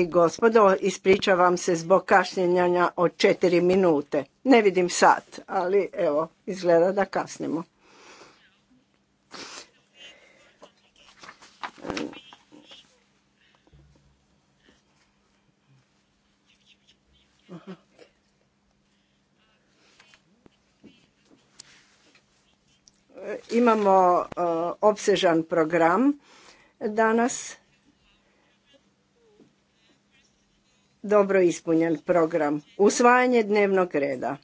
i gospodo, ispričavam se zbog kašnjenja od četiri minute. Ne vidim sat, ali evo, izgleda da kasnimo. Imamo e, obsežan program danas dobro ispunjen program. Usvajanje dnevnog reda.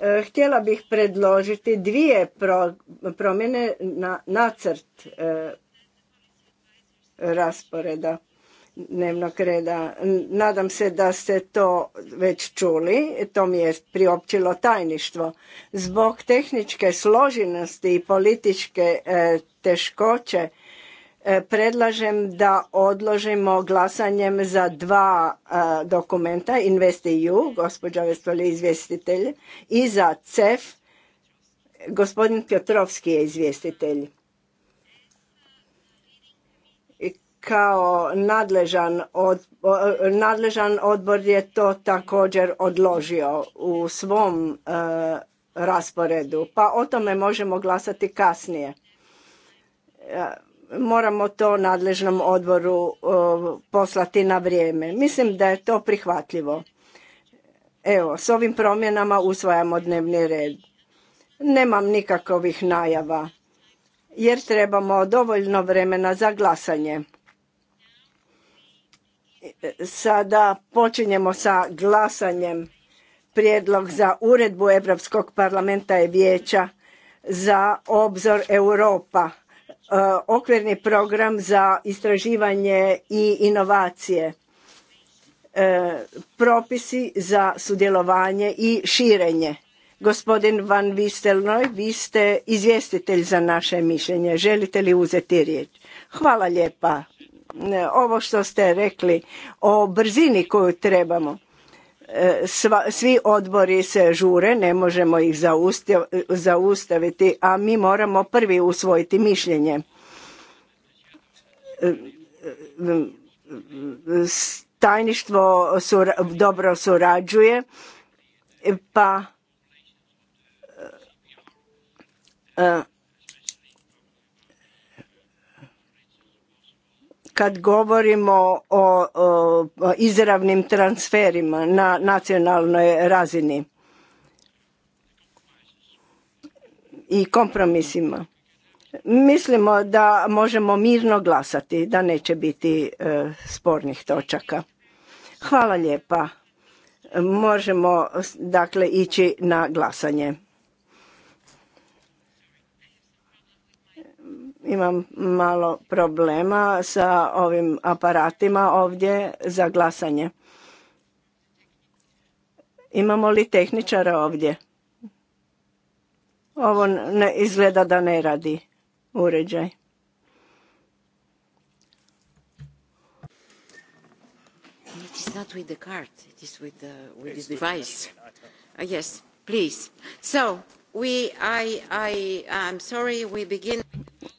E, htjela bih predložiti dvije promjene na nacrt e, rasporeda dnevnog reda. Nadam se da ste to već čuli, to mi je priopćilo tajništvo. Zbog tehničke složenosti i političke e, teškoće E, predlažem da odložimo glasanjem za dva e, dokumenta InvestEU, gospođa Vestoli izvjestitelj, i za CEF, gospodin Piotrovski je izvjestitelj. Kao nadležan, odbor je to također odložio u svom e, rasporedu, pa o tome možemo glasati kasnije moramo to nadležnom odboru poslati na vrijeme. Mislim da je to prihvatljivo. Evo, s ovim promjenama usvajamo dnevni red. Nemam nikakvih najava, jer trebamo dovoljno vremena za glasanje. Sada počinjemo sa glasanjem prijedlog za uredbu Europskog parlamenta i vijeća za obzor Europa E, okvirni program za istraživanje i inovacije e, propisi za sudjelovanje i širenje gospodin Van Vistelnoj, vi ste izvjestitelj za naše mišljenje. Želite li uzeti riječ? Hvala lijepa. E, ovo što ste rekli o brzini koju trebamo svi odbori se žure, ne možemo ih zaustaviti, a mi moramo prvi usvojiti mišljenje. Tajništvo dobro surađuje, pa kad govorimo o, izravnim transferima na nacionalnoj razini i kompromisima mislimo da možemo mirno glasati da neće biti e, spornih točaka hvala lijepa možemo dakle ići na glasanje imam malo problema sa ovim aparatima ovdje za glasanje. Imamo li tehničara ovdje? Ovo ne izgleda da ne radi uređaj.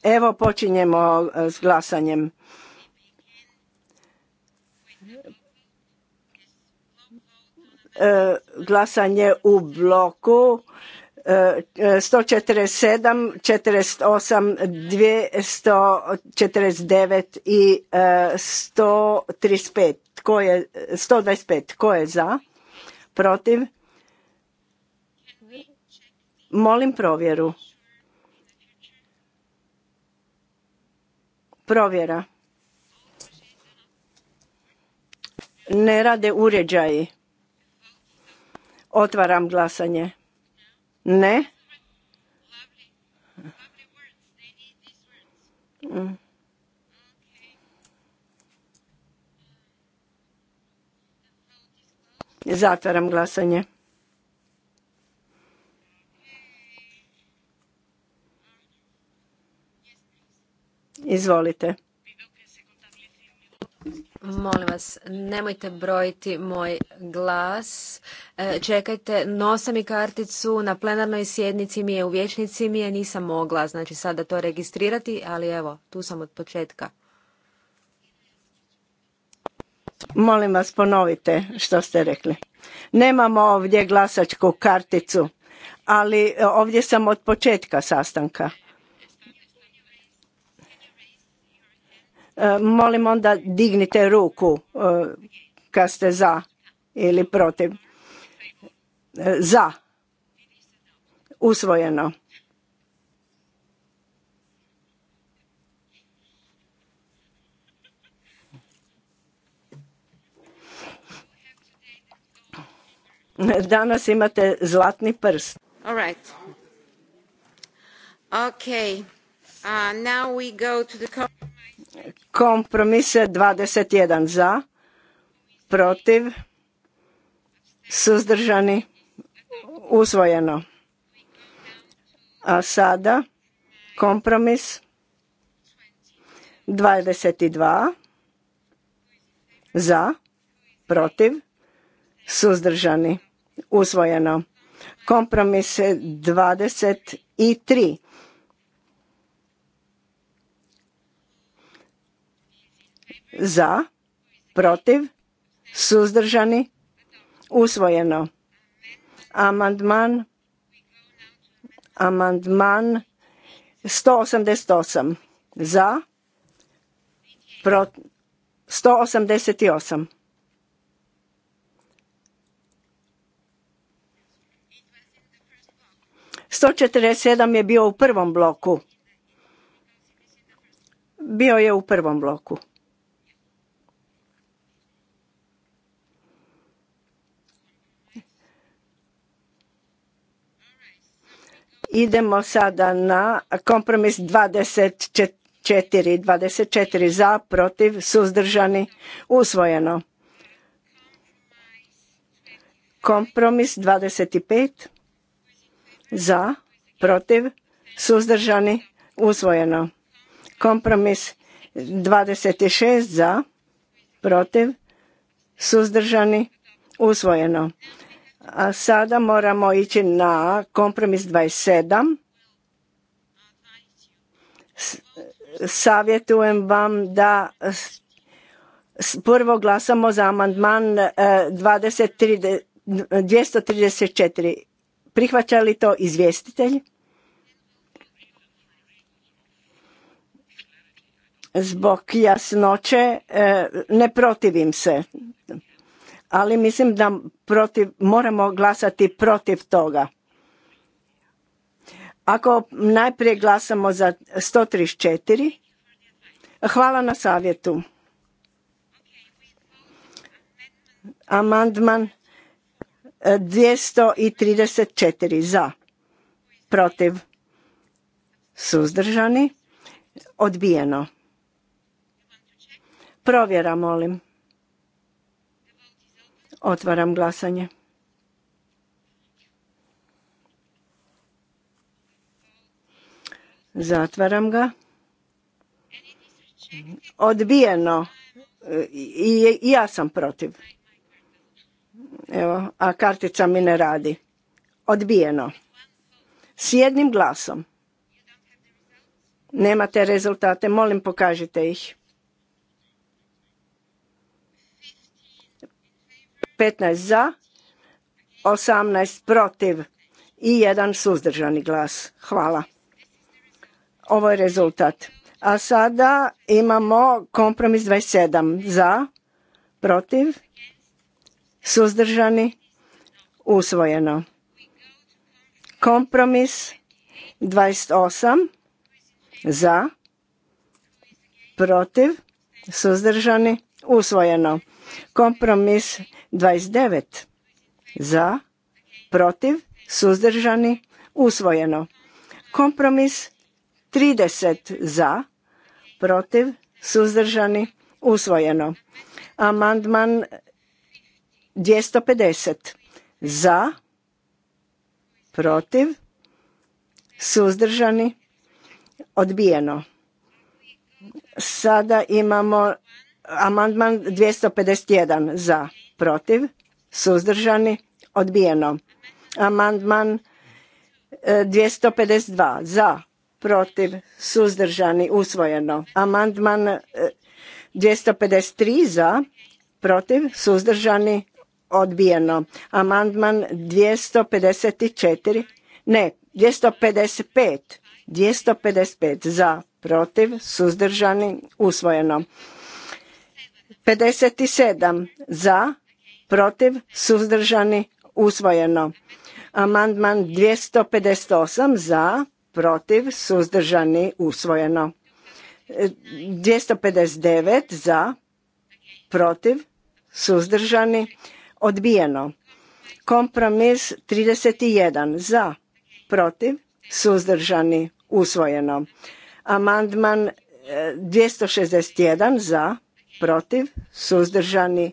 Evo počinjemo uh, s glasanjem. E, glasanje u bloku 147, 48, 249 i 135. E, tko je, 125. Tko je za? Protiv? Molim provjeru. Provjera. Ne rade uređaji. Otvaram glasanje. Ne. Mm. Zatvaram glasanje. Izvolite. Molim vas, nemojte brojiti moj glas. E, čekajte, nosam i karticu na plenarnoj sjednici mi je u vječnici mi je, nisam mogla znači sada to registrirati, ali evo, tu sam od početka. Molim vas, ponovite što ste rekli. Nemamo ovdje glasačku karticu, ali e, ovdje sam od početka sastanka. E, molim onda dignite ruku e, kad ste za ili protiv. E, za. Usvojeno. Danas imate zlatni prst. All right. Okay. Uh, now we go to the... Kompromis 21 za, protiv, suzdržani, usvojeno. A sada kompromis 22 za, protiv, suzdržani, usvojeno. Kompromis 23 za, protiv, suzdržani, usvojeno. Amandman, amandman 188 za, protiv, 188. Sto četrdeset sedam je bio u prvom bloku. Bio je u prvom bloku. Idemo sada na kompromis 24, 24 za, protiv, suzdržani, usvojeno. Kompromis 25 za, protiv, suzdržani, usvojeno. Kompromis 26 za, protiv, suzdržani, usvojeno. A sada moramo ići na kompromis 27. Savjetujem vam da prvo glasamo za amandman 234. E, Prihvaća li to izvjestitelj? Zbog jasnoće e, ne protivim se ali mislim da protiv, moramo glasati protiv toga. Ako najprije glasamo za 134, hvala na savjetu. Amandman 234 e, za, protiv, suzdržani, odbijeno. Provjera, molim. Otvaram glasanje. Zatvaram ga. Odbijeno. I ja sam protiv. Evo, a kartica mi ne radi. Odbijeno. S jednim glasom. Nemate rezultate, molim pokažite ih. 15 za, 18 protiv i jedan suzdržani glas. Hvala. Ovo je rezultat. A sada imamo kompromis 27 za, protiv, suzdržani, usvojeno. Kompromis 28 za, protiv, suzdržani, usvojeno. Kompromis 29 za, protiv, suzdržani, usvojeno. Kompromis 30 za, protiv, suzdržani, usvojeno. Amandman 250 za, protiv, suzdržani, odbijeno. Sada imamo amandman 251 za protiv, suzdržani, odbijeno. Amandman 252 e, za, protiv, suzdržani, usvojeno. Amandman 253 e, za, protiv, suzdržani, odbijeno. Amandman 254, ne, 255, 255 za, protiv, suzdržani, usvojeno. 57 za, protiv, suzdržani, usvojeno. Amandman 258 za, protiv, suzdržani, usvojeno. 259 za, protiv, suzdržani, odbijeno. Kompromis 31 za, protiv, suzdržani, usvojeno. Amandman 261 e, za, protiv, suzdržani,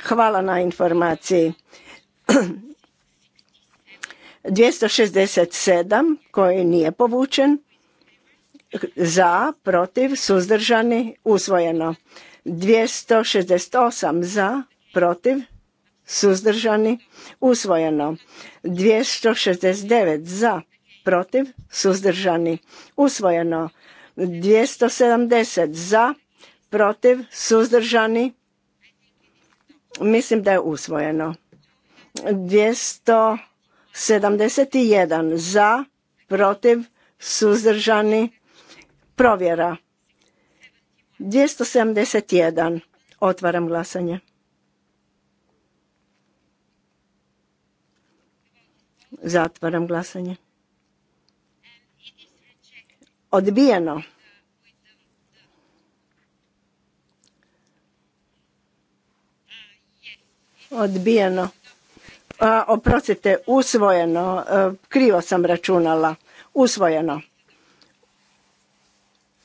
Hvala na informaciji. 267 koji nije povučen. Za, protiv, suzdržani, usvojeno. 268 za, protiv, suzdržani, usvojeno. 269 za, protiv, suzdržani, usvojeno. 270 za, protiv, suzdržani, Mislim da je usvojeno. 271 za, protiv, suzdržani, provjera. 271. Otvaram glasanje. Zatvaram glasanje. Odbijeno. odbijeno a, oprostite usvojeno e, krivo sam računala usvojeno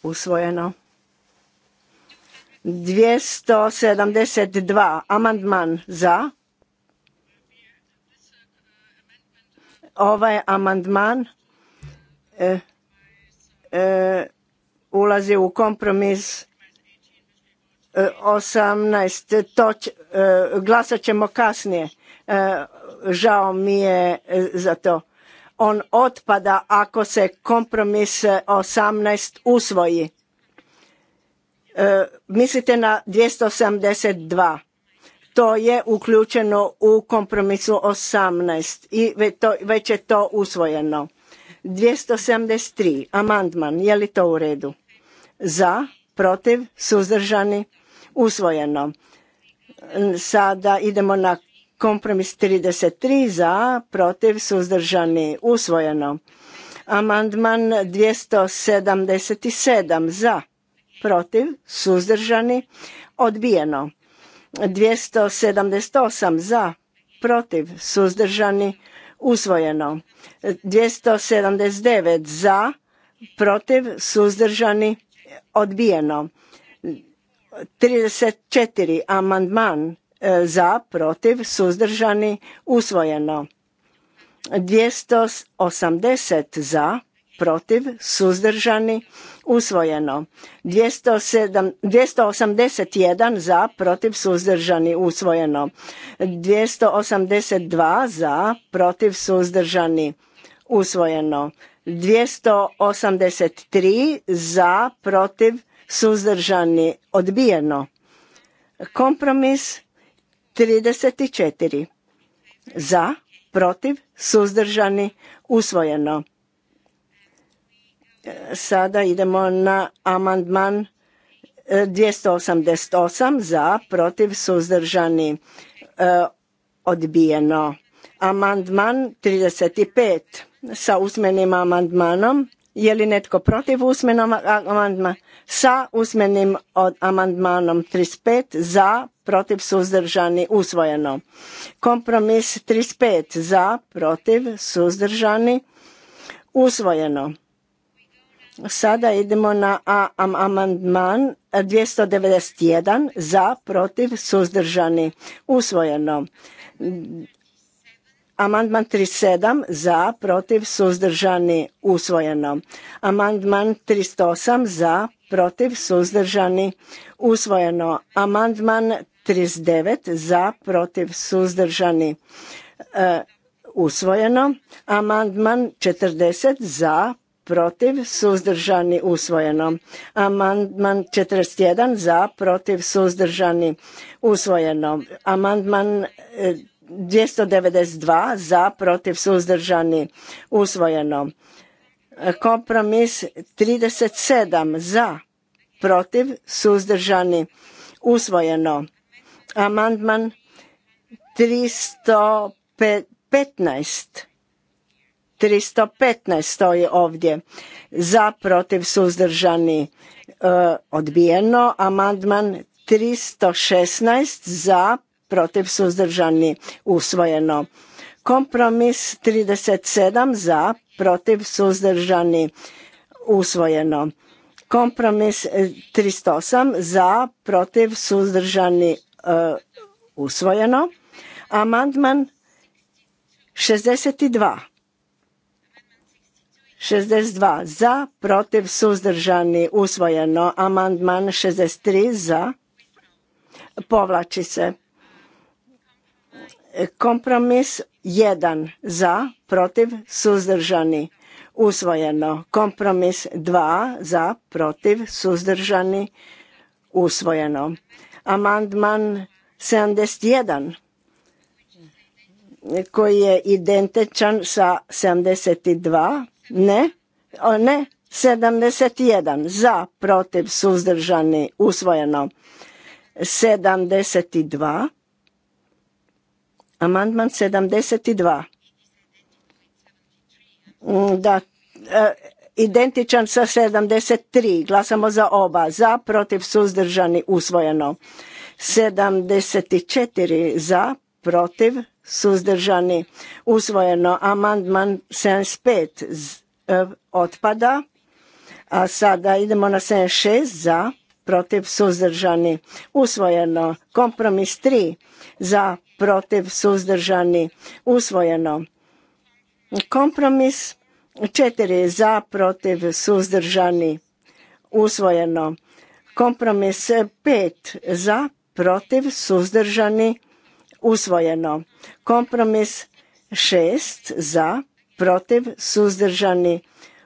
usvojeno 272 amandman za ovaj amandman e, e ulazi u kompromis 18 toč, e, glasat ćemo kasnije. E, žao mi je e, za to. On otpada ako se kompromis 18 usvoji. Mislite na 272. To je uključeno u kompromisu 18 i već je to usvojeno. 273. Amandman. Je li to u redu? Za? Protiv? Suzdržani? usvojeno. Sada idemo na kompromis 33 za, protiv, suzdržani, usvojeno. Amandman 277 za, protiv, suzdržani, odbijeno. 278 za, protiv, suzdržani, usvojeno. 279 za, protiv, suzdržani, odbijeno. 34 amandman e, za, protiv, suzdržani, usvojeno. 280 za, protiv, suzdržani, usvojeno. 207, 281 za, protiv, suzdržani, usvojeno. 282 za, protiv, suzdržani, usvojeno. 283 za, protiv, suzdržani, odbijeno. Kompromis 34. Za, protiv, suzdržani, usvojeno. E, sada idemo na amandman 288 e, za, protiv, suzdržani, e, odbijeno. Amandman 35 sa usmenim amandmanom. Je li netko protiv usmenog amandmana? sa usmenim amandmanom 35 za, protiv suzdržani usvojeno. Kompromis 35 za, protiv suzdržani usvojeno. Sada idemo na amandman 291 za, protiv suzdržani usvojeno. Amandman 37 za, protiv, suzdržani, usvojeno. Amandman 308 za, protiv, suzdržani, usvojeno. Amandman 39 za, protiv, suzdržani, e, usvojeno. Amandman 40 za, protiv, suzdržani, usvojeno. Amandman 41 za, protiv, suzdržani, usvojeno. Amandman e, 292 za, protiv, suzdržani, usvojeno. Kompromis 37 za, protiv, suzdržani, usvojeno. Amandman 315. 315 stoji ovdje. Za, protiv, suzdržani, e, odbijeno. Amandman 316 za, protiv, suzdržani, usvojeno. Kompromis 37 za, protiv, suzdržani, usvojeno. Kompromis 308 e, e, za, protiv, suzdržani, usvojeno. Amandman 62. 62 za, protiv, suzdržani, usvojeno. Amandman 63 za, povlači se. Kompromis jedan za, protiv, suzdržani, usvojeno. Kompromis dva za, protiv, suzdržani, usvojeno. Amandman 71 koji je identičan sa 72, ne, o ne, 71 za, protiv, suzdržani, usvojeno. 72 Amandman 72. Mm, da, e, identičan sa 73. Glasamo za oba. Za, protiv, suzdržani, usvojeno. 74 za, protiv, suzdržani, usvojeno. Amandman 75 e, otpada. A sada idemo na 76 za, protiv suzdržani usvojeno kompromis 3 za protiv suzdržani usvojeno kompromis 4 za protiv suzdržani usvojeno kompromis 5 za protiv suzdržani usvojeno kompromis 6 za protiv suzdržani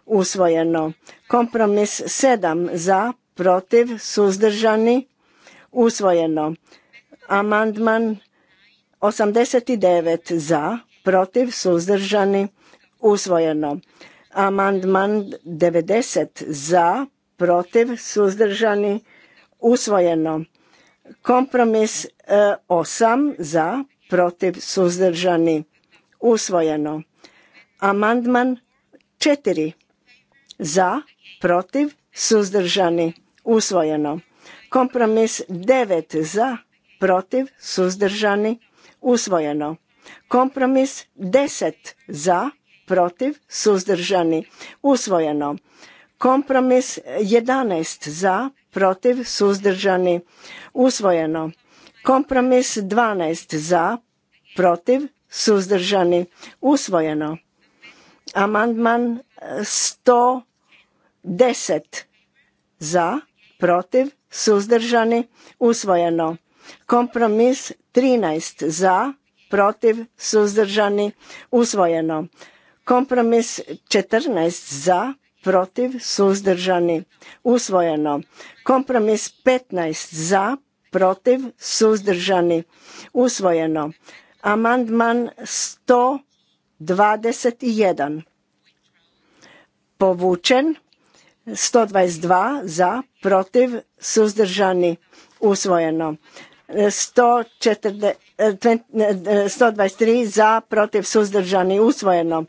usvojeno kompromis 7 za protiv, suzdržani, usvojeno. Amandman 89 za, protiv, suzdržani, usvojeno. Amandman 90 za, protiv, suzdržani, usvojeno. Kompromis 8 e, za, protiv, suzdržani, usvojeno. Amandman 4 za, protiv, suzdržani, usvojeno. Kompromis 9 za, protiv, suzdržani, usvojeno. Kompromis 10 za, protiv, suzdržani, usvojeno. Kompromis 11 za, protiv, suzdržani, usvojeno. Kompromis 12 za, protiv, suzdržani, usvojeno. Amandman 100 10 za, protiv, suzdržani, usvojeno. Kompromis 13 za, protiv, suzdržani, usvojeno. Kompromis 14 za, protiv, suzdržani, usvojeno. Kompromis 15 za, protiv, suzdržani, usvojeno. Amandman 121 povučen 122 za, protiv, suzdržani, usvojeno. 123 eh, eh, za, protiv, suzdržani, usvojeno.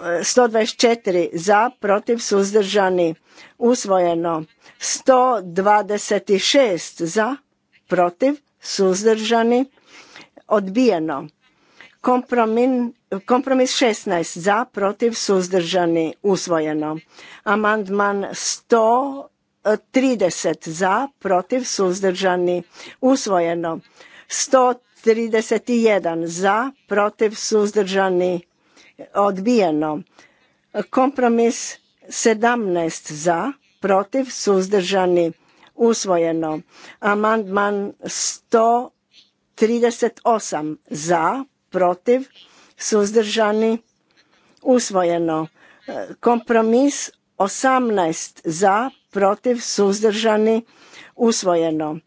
124 za, protiv, suzdržani, usvojeno. 126 za, protiv, suzdržani, odbijeno kompromis 16 za, protiv, suzdržani, usvojeno. Amandman 130 za, protiv, suzdržani, usvojeno. 131 za, protiv, suzdržani, odbijeno. Kompromis 17 za, protiv, suzdržani, usvojeno. Amandman 138 za, protiv, suzdržani, usvojeno. E, kompromis 18 za, protiv, suzdržani, usvojeno.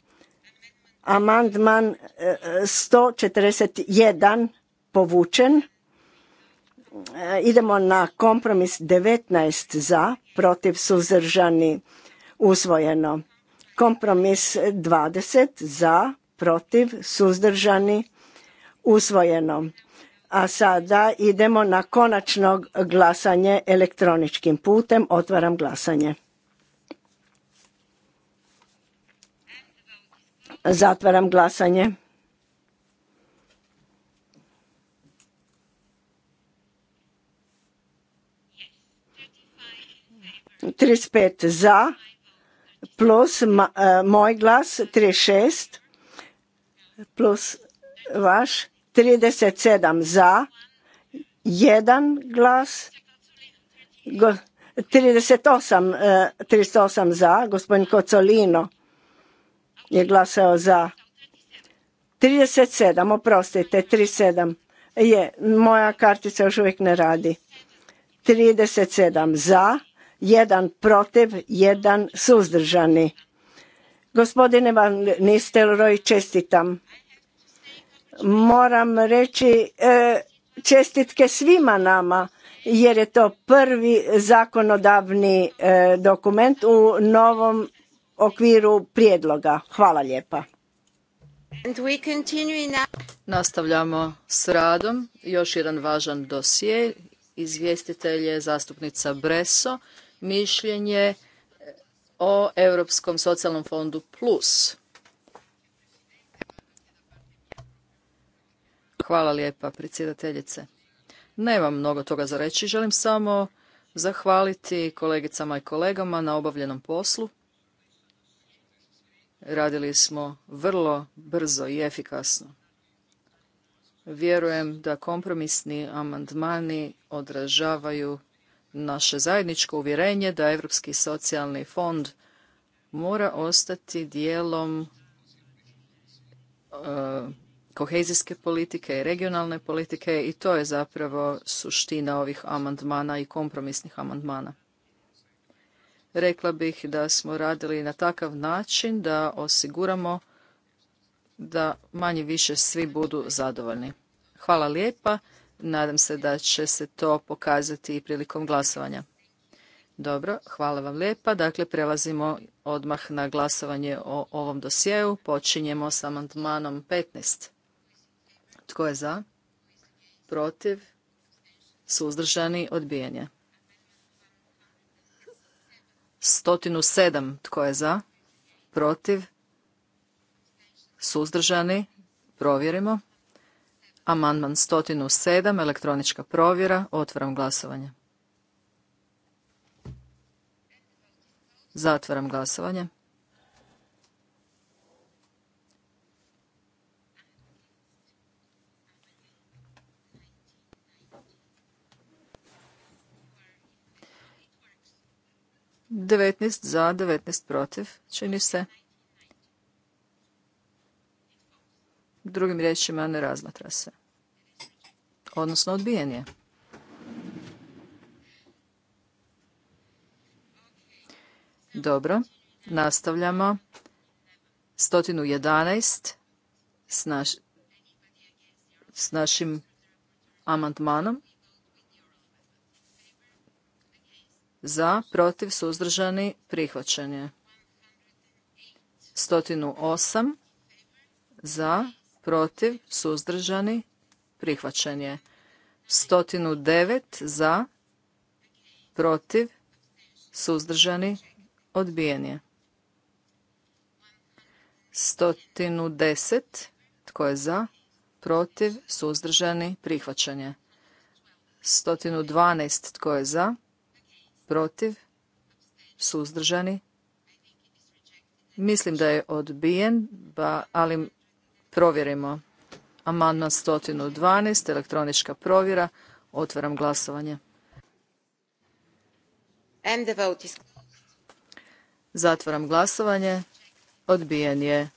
Amandman 141 e, povučen. E, idemo na kompromis 19 za, protiv, suzdržani, usvojeno. Kompromis 20 za, protiv, suzdržani, usvojeno. A sada idemo na konačno glasanje elektroničkim putem. Otvaram glasanje. Zatvaram glasanje. Trideset pet za plus e, moj glas trideset šest plus vaš 37 za, jedan glas, 38, 308 e, za, gospodin Kocolino je glasao za. 37, oprostite, 37 je, moja kartica još uvijek ne radi. 37 za, jedan protiv, jedan suzdržani. Gospodine Van Nistelroj, čestitam. Moram reći e, čestitke svima nama jer je to prvi zakonodavni e, dokument u novom okviru prijedloga. Hvala lijepa. Nastavljamo s radom. Još jedan važan dosije. Izvjestitelj je zastupnica Breso. Mišljenje o Europskom socijalnom fondu Plus. Hvala lijepa, predsjedateljice. Nemam mnogo toga za reći, želim samo zahvaliti kolegicama i kolegama na obavljenom poslu. Radili smo vrlo brzo i efikasno. Vjerujem da kompromisni amandmani odražavaju naše zajedničko uvjerenje da Europski socijalni fond mora ostati dijelom e, kohezijske politike i regionalne politike i to je zapravo suština ovih amandmana i kompromisnih amandmana. Rekla bih da smo radili na takav način da osiguramo da manje više svi budu zadovoljni. Hvala lijepa. Nadam se da će se to pokazati i prilikom glasovanja. Dobro, hvala vam lijepa. Dakle, prelazimo odmah na glasovanje o ovom dosjeu. Počinjemo s amandmanom 15. Tko je za? Protiv? Suzdržani? Odbijanje. Stotinu sedam. Tko je za? Protiv? Suzdržani? Provjerimo. Amandman stotinu sedam. Elektronička provjera. Otvaram glasovanje. Zatvaram glasovanje. 19 za, 19 protiv, čini se. Drugim riječima ne razmatra se. Odnosno odbijen je. Dobro, nastavljamo. 111 s, naš, s našim amandmanom. za, protiv, suzdržani, prihvaćanje. je. 108 za, protiv, suzdržani, prihvaćen je. 109 za, protiv, suzdržani, odbijen je. 110 tko je za, protiv, suzdržani, prihvaćanje. je. 112 tko je za, protiv, suzdržani. Mislim da je odbijen, ba, ali provjerimo. Amandman 112, elektronička provjera. Otvaram glasovanje. Zatvaram glasovanje. Odbijen je.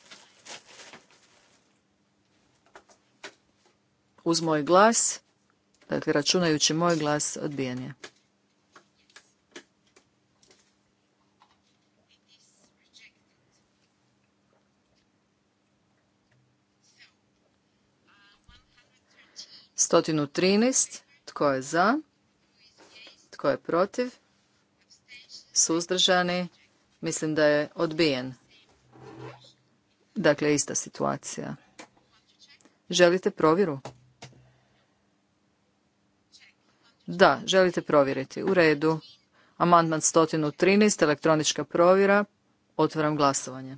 Uz moj glas, dakle računajući moj glas, odbijen je. 113. Tko je za? Tko je protiv? Suzdržani? Mislim da je odbijen. Dakle, ista situacija. Želite provjeru? Da, želite provjeriti. U redu. Amandman 113, elektronička provjera. Otvaram glasovanje.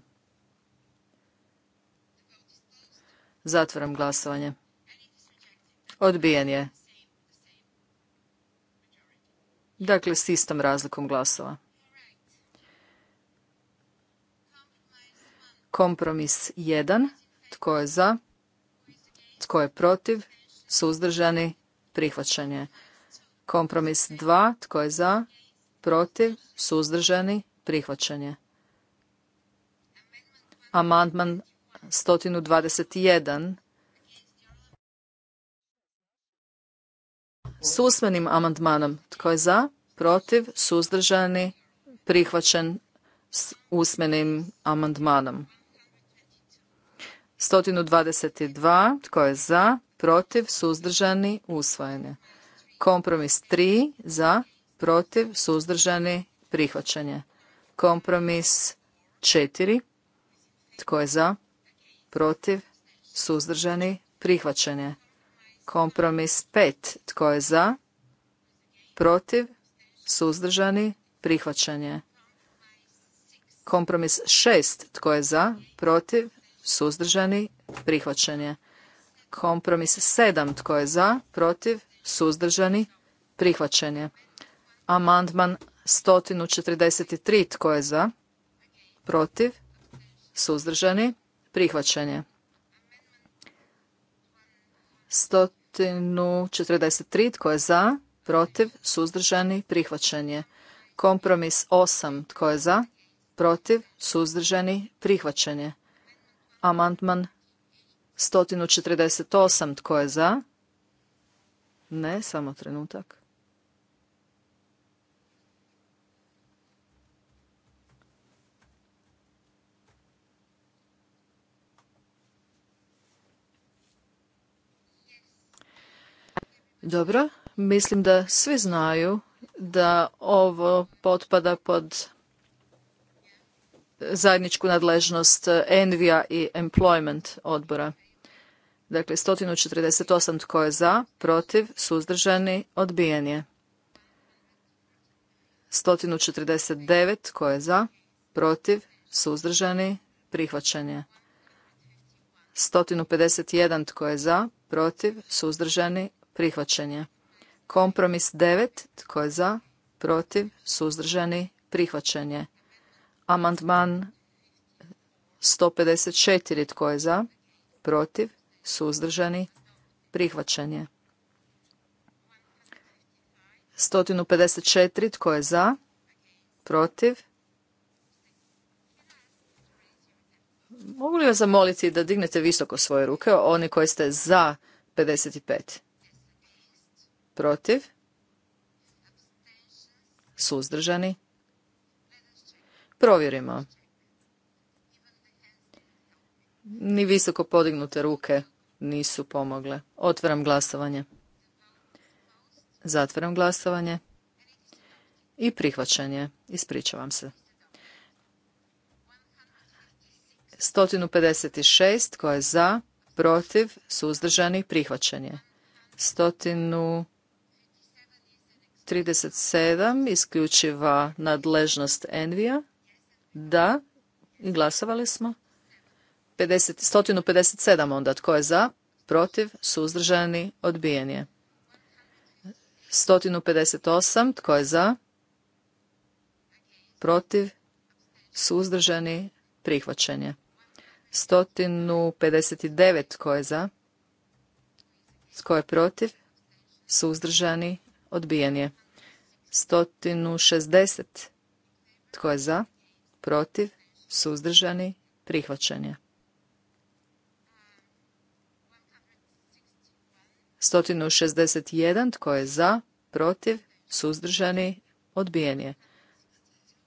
Zatvaram glasovanje. Odbijen je. Dakle, s istom razlikom glasova. Kompromis 1. Tko je za? Tko je protiv? Suzdržani? je. Kompromis 2. Tko je za? Protiv? Suzdržani? Prihvaćanje. Amandman 121 s usmenim amandmanom. Tko je za? Protiv? Suzdržani? Prihvaćen s usmenim amandmanom. 122. Tko je za? Protiv? Suzdržani? Usvojene. Kompromis 3. Za? Protiv? Suzdržani? Prihvaćanje. Kompromis 4. Tko je za? Protiv? Suzdržani? Prihvaćanje. Kompromis 5. Tko je za? Protiv? Suzdržani? Prihvaćanje. Kompromis 6. Tko je za? Protiv? Suzdržani? Prihvaćanje. Kompromis 7. Tko je za? Protiv? Suzdržani? Prihvaćanje. Amandman 143. Tko je za? Protiv? Suzdržani? Prihvaćanje. 100 43. Tko je za? Protiv? Suzdržani? Prihvaćen je. Kompromis 8. Tko je za? Protiv? Suzdržani? Prihvaćen je. Amandman 148. Tko je za? Ne, samo trenutak. Dobro, mislim da svi znaju da ovo potpada pod zajedničku nadležnost Envija i Employment odbora. Dakle, 148 tko je za, protiv, suzdržani, odbijen je. 149 tko je za, protiv, suzdržani, prihvaćen je. 151 tko je za, protiv, suzdržani, prihvaćanje. Kompromis 9. Tko je za? Protiv? Suzdržani? Prihvaćanje. Amandman 154. Tko je za? Protiv? Suzdržani? Prihvaćanje. 154. Tko je za? Protiv? Mogu li vas zamoliti da dignete visoko svoje ruke, oni koji ste za 55? protiv, suzdržani. Provjerimo. Ni visoko podignute ruke nisu pomogle. Otvaram glasovanje. Zatvaram glasovanje. I prihvaćanje. Ispričavam se. 156 koje je za, protiv, suzdržani, prihvaćanje. 100 37 isključiva nadležnost Envija. Da, glasovali smo. 50, 157 onda tko je za, protiv, suzdržani, odbijen je. 158 tko je za, protiv, suzdržani, prihvaćen je. 159 tko je za, tko je protiv, suzdržani, Odbijen je. 160. Tko je za? Protiv? Suzdržani? Prihvaćen je. 161. Tko je za? Protiv? Suzdržani? Odbijen je.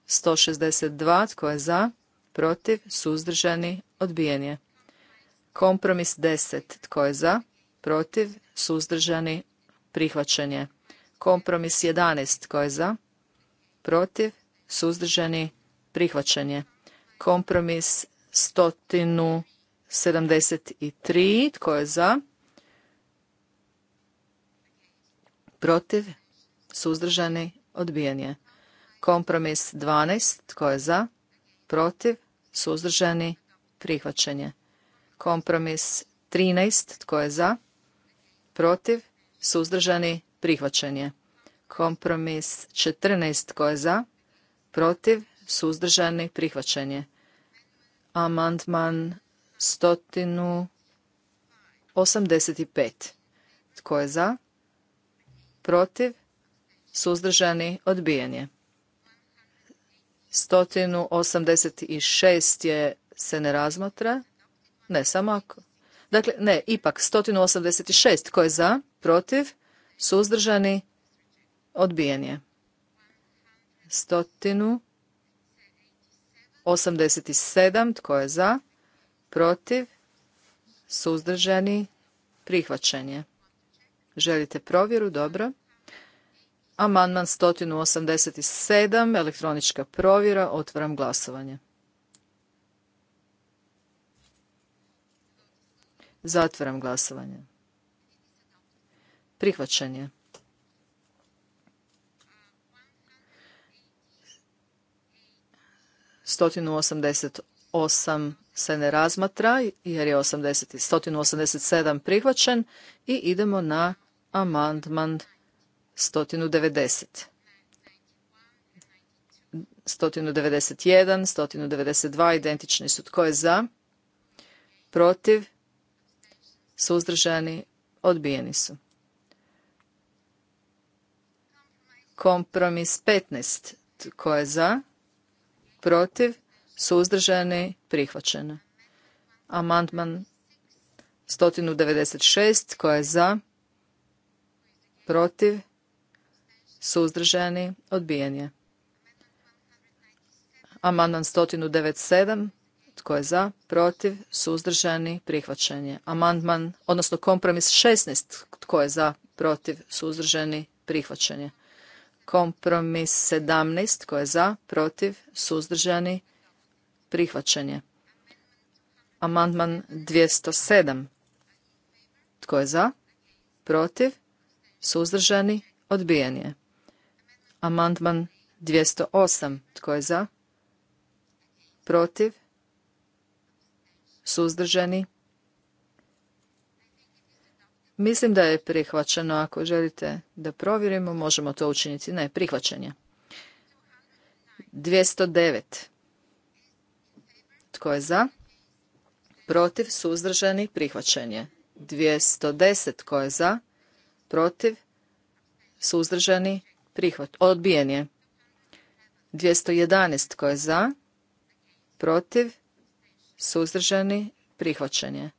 162. Tko je za? Protiv? Suzdržani? Odbijen je. Kompromis 10. Tko je za? Protiv? Suzdržani? Prihvaćen je. Kompromis 11. Tko je za? Protiv? Suzdržani? Prihvaćen je. Kompromis 173. Tko je za? Protiv? Suzdržani? Odbijen je. Kompromis 12. Tko je za? Protiv? Suzdržani? Prihvaćen je. Kompromis 13. Tko je za? Protiv? Suzdržani? prihvaćen je. Kompromis 14 tko je za, protiv, suzdržani, prihvaćen je. Amandman 185 tko je za, protiv, suzdržani, odbijen je. 186 je se ne razmotra, Ne, samo ako. Dakle, ne, ipak 186 tko je za, protiv, suzdržani, odbijen je. 187 tko je za, protiv, suzdržani, prihvaćen je. Želite provjeru? Dobro. Amandman 187, elektronička provjera, otvaram glasovanje. Zatvaram glasovanje. Prihvaćen je. 188 se ne razmatra jer je 80, 187 prihvaćen i idemo na amandman 190. 191, 192 identični su. Tko je za? Protiv? Suzdržani? Odbijeni su. Kompromis 15. Tko je za? Protiv? Suzdržani? Prihvaćeno. Amandman 196. Tko je za? Protiv? Suzdržani? Odbijen je. Amandman 197. Tko je za? Protiv? Suzdržani? Prihvaćen je. Amandman, odnosno kompromis 16. Tko je za? Protiv? Suzdržani? Prihvaćen je. Kompromis 17 tko je za, protiv, suzdržani, prihvaćen je. Amandman 207 tko je za, protiv, suzdržani, odbijen je. Amandman 208 tko je za, protiv, suzdržani, Mislim da je prihvaćeno. Ako želite da provjerimo, možemo to učiniti. Ne, prihvaćanje. 209. Tko je za? Protiv, suzdržani, je. 210. Tko je za? Protiv, suzdržani, prihvat, odbijen je. 211. Tko je za? Protiv, suzdržani, prihvaćanje.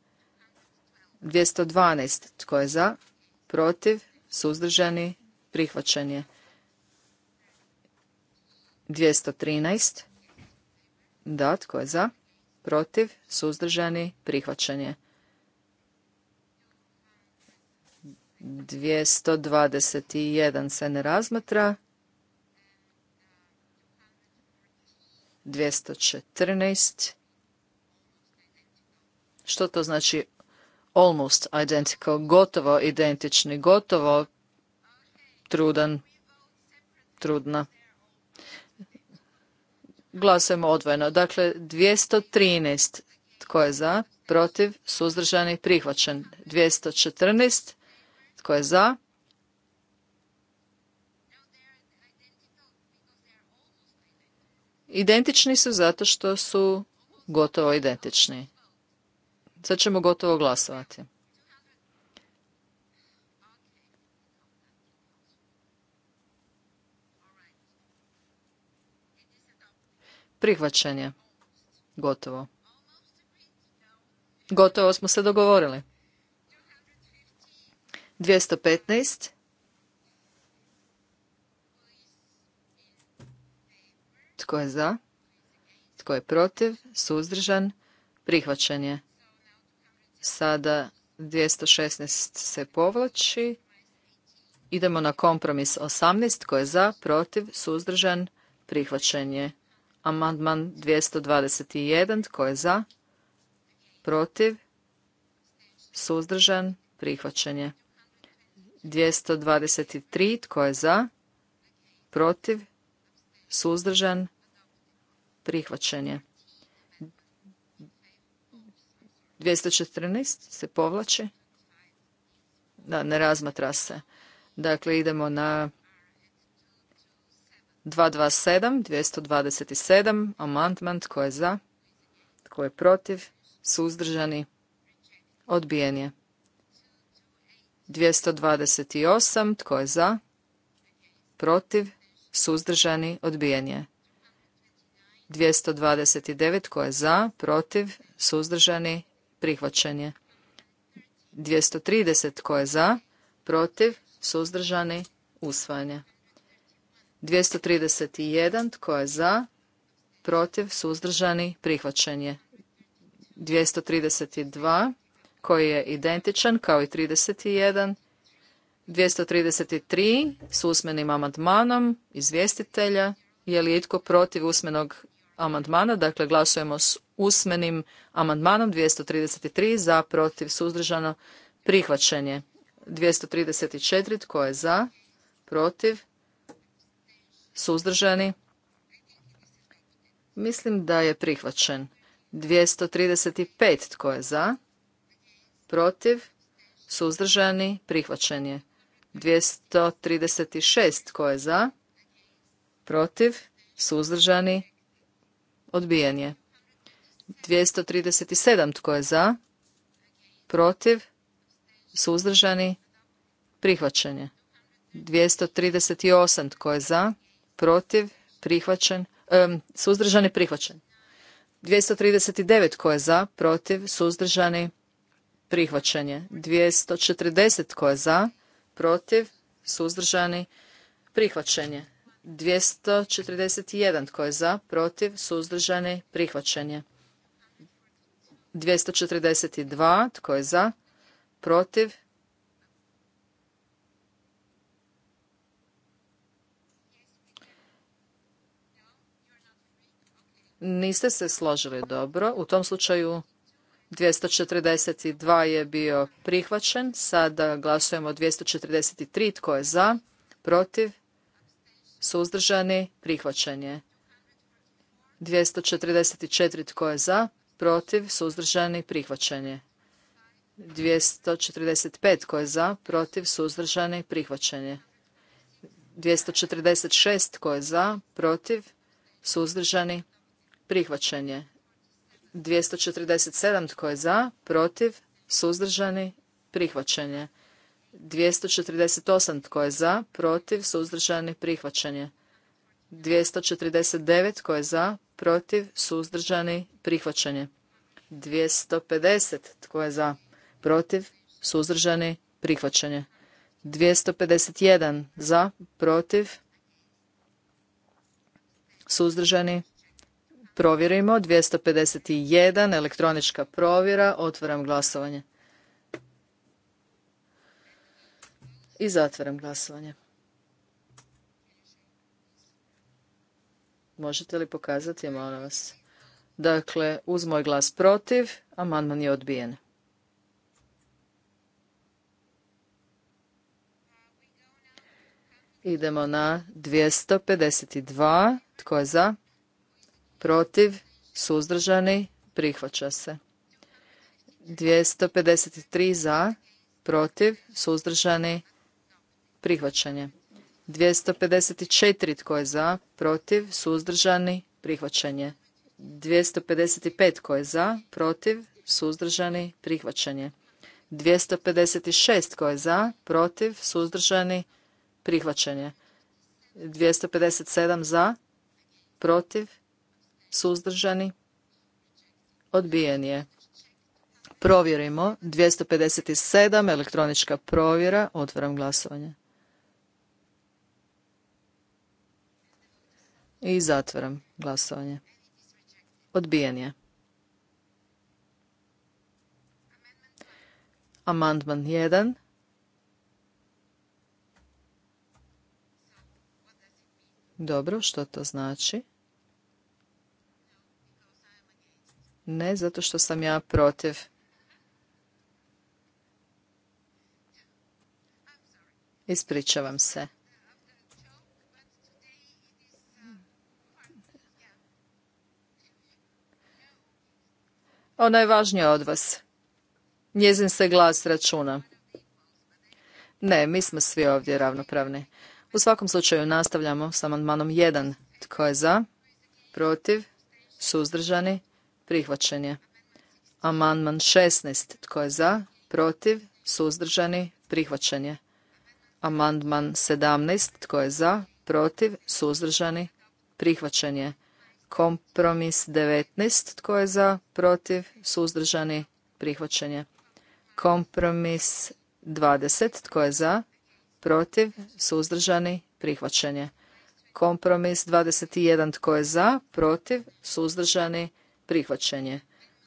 212. Tko je za? Protiv? Suzdržani? Prihvaćen je. 213. Da, tko je za? Protiv? Suzdržani? Prihvaćen je. 221 se ne razmatra. 214. Što to znači almost identical, gotovo identični, gotovo trudan, trudna. Glasujemo odvojeno. Dakle, 213. Tko je za? Protiv? Suzdržani? Prihvaćen. 214. Tko je za? Identični su zato što su gotovo identični. Sada ćemo gotovo glasovati. Prihvaćen je. Gotovo. Gotovo smo se dogovorili. 215. Tko je za? Tko je protiv? Suzdržan? Prihvaćen je. Sada 216 se povlači. Idemo na kompromis 18. Tko je za, protiv, suzdržan, prihvaćen je. Amandman 221. Tko je za, protiv, suzdržan, prihvaćen je. 223. Tko je za, protiv, suzdržan, prihvaćen je. 214 se povlači. Da, ne razmatra se. Dakle, idemo na 227, 227, amantman, tko je za, tko je protiv, suzdržani, odbijen je. 228, tko je za, protiv, suzdržani, odbijen je. 229, tko je za, protiv, suzdržani, prihvaćen je. 230 tko je za, protiv, suzdržani, usvajanje. 231 tko je za, protiv, suzdržani, prihvaćen je. 232 koji je identičan kao i 31, 233 s usmenim amandmanom izvjestitelja. Je li itko protiv usmenog amandmana, dakle glasujemo s usmenim amandmanom 233 za, protiv, suzdržano, prihvaćenje. 234 tko je za, protiv, suzdržani. Mislim da je prihvaćen. 235 tko je za, protiv, suzdržani, prihvaćen je. 236 tko je za, protiv, suzdržani, Odbijen je. 237. Tko je za? Protiv? Suzdržani? Prihvaćen je. 238. Tko je za? Protiv? Prihvaćen? suzdržani? Prihvaćen. 239. Tko je za? Protiv? Suzdržani? Prihvaćen je. 240. Tko je za? Protiv? Suzdržani? Prihvaćen je. 241. Tko je za? Protiv? Suzdržani? Prihvaćen je. 242. Tko je za? Protiv? Niste se složili dobro. U tom slučaju 242 je bio prihvaćen. Sada glasujemo 243. Tko je za? Protiv? suzdržani, prihvaćanje. 244 tko je za, protiv, suzdržani, prihvaćanje. 245 tko je za, protiv, suzdržani, prihvaćanje. 246 tko je za, protiv, suzdržani, prihvaćanje. 247 tko je za, protiv, suzdržani, prihvaćanje. 248 tko je za, protiv, suzdržani, prihvaćanje. je. 249 tko je za, protiv, suzdržani, prihvaćanje. 250 tko je za, protiv, suzdržani, prihvaćanje. 251 za, protiv, suzdržani, provjerimo. 251 elektronička provjera, otvaram glasovanje. i zatvaram glasovanje. Možete li pokazati, molim vas? Dakle, uz moj glas protiv, amandman je odbijen. Idemo na 252. Tko je za? Protiv? Suzdržani? Prihvaća se. 253 za, protiv, suzdržani, prihvaćanje. 254 tko je za, protiv, suzdržani, prihvaćanje. 255 tko je za, protiv, suzdržani, prihvaćanje. 256 tko je za, protiv, suzdržani, prihvaćanje. 257 za, protiv, suzdržani, odbijen je. Provjerimo 257 elektronička provjera, otvaram glasovanje. I zatvaram glasovanje. Odbijen je. Amandman 1. Dobro, što to znači? Ne, zato što sam ja protiv. Ispričavam se. Ona je važnija od vas. Njezin se glas računa. Ne, mi smo svi ovdje ravnopravni. U svakom slučaju nastavljamo s amandmanom 1. Tko je za? Protiv? Suzdržani? Prihvaćen je. Amandman 16. Tko je za? Protiv? Suzdržani? Prihvaćen je. Amandman 17. Tko je za? Protiv? Suzdržani? Prihvaćen je. Kompromis 19. Tko je za? Protiv? Suzdržani? Prihvaćanje. Kompromis 20. Tko je za? Protiv? Suzdržani? Prihvaćanje. Kompromis 21. Tko je za? Protiv? Suzdržani? Prihvaćanje.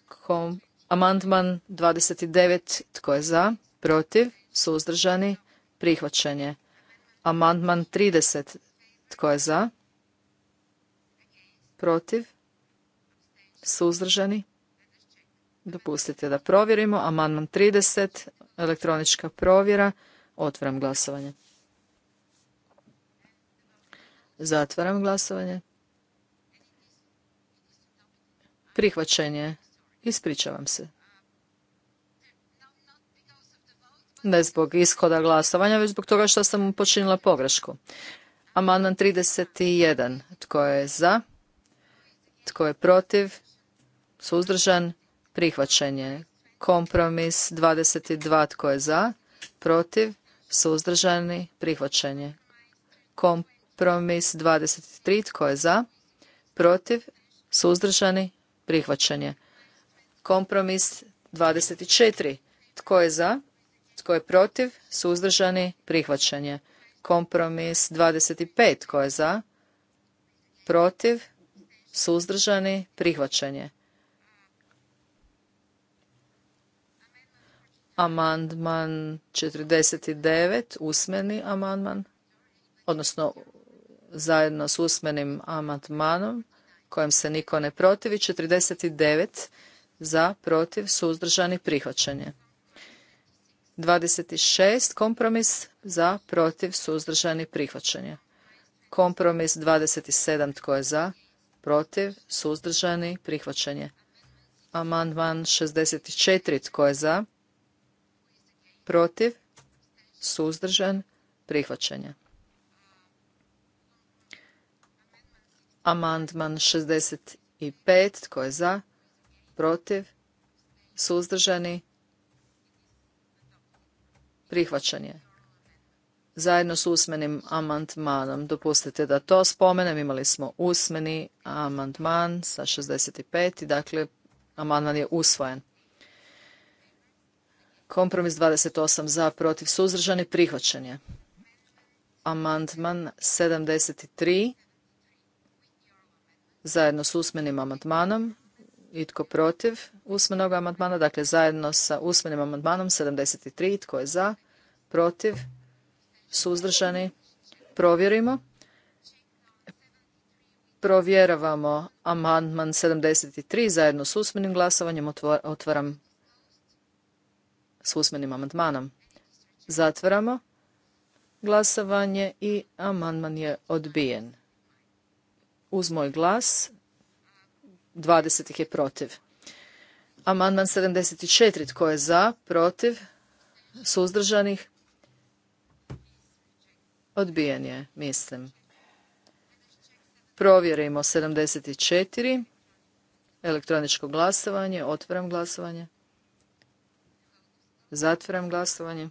Kom Amandman 29. Tko je za? Protiv? Suzdržani? Prihvaćanje. Amandman 30. Tko je za? protiv, suzdržani. Dopustite da provjerimo. Amandman 30, elektronička provjera. Otvaram glasovanje. Zatvaram glasovanje. Prihvaćenje. Ispričavam se. Ne zbog ishoda glasovanja, već zbog toga što sam počinila pogrešku. Amandman 31. Tko je za? Tko je protiv? Suzdržan? Prihvaćen je. Kompromis 22. Tko je za? Protiv? Suzdržani? Prihvaćen Kompromis 23. Tko je za? Protiv? Suzdržani? Prihvaćen je. Kompromis 24. Tko je za? Tko je protiv? Suzdržani? Prihvaćen Kompromis 25. Tko je za? Protiv? suzdržani, prihvaćanje. Amandman 49, usmeni amandman, odnosno zajedno s usmenim amandmanom kojem se niko ne protivi, 49 za, protiv, suzdržani, prihvaćanje. 26 kompromis za, protiv, suzdržani, prihvaćanje. Kompromis 27 tko je za, protiv, suzdržani, prihvaćen je. Amandman 64. Tko je za? Protiv? Suzdržan? Prihvaćen je. Amandman 65. Tko je za? Protiv? Suzdržani? Prihvaćen je zajedno s usmenim amandmanom. Dopustite da to spomenem, imali smo usmeni amandman sa 65. Dakle, amandman je usvojen. Kompromis 28 za, protiv, suzdržani, prihvaćen je. Amandman 73 zajedno s usmenim amandmanom. Itko protiv usmenog amandmana, dakle zajedno sa usmenim amandmanom 73. Tko je za? Protiv? suzdržani, provjerimo. Provjeravamo amandman 73 zajedno s usmenim glasovanjem. Otvaram s usmenim amandmanom. Zatvaramo glasovanje i amandman je odbijen. Uz moj glas 20 je protiv. Amandman 74. Tko je za? Protiv? Suzdržanih? Odbijen je, mislim. Provjerimo 74. Elektroničko glasovanje. Otvaram glasovanje. Zatvaram glasovanje.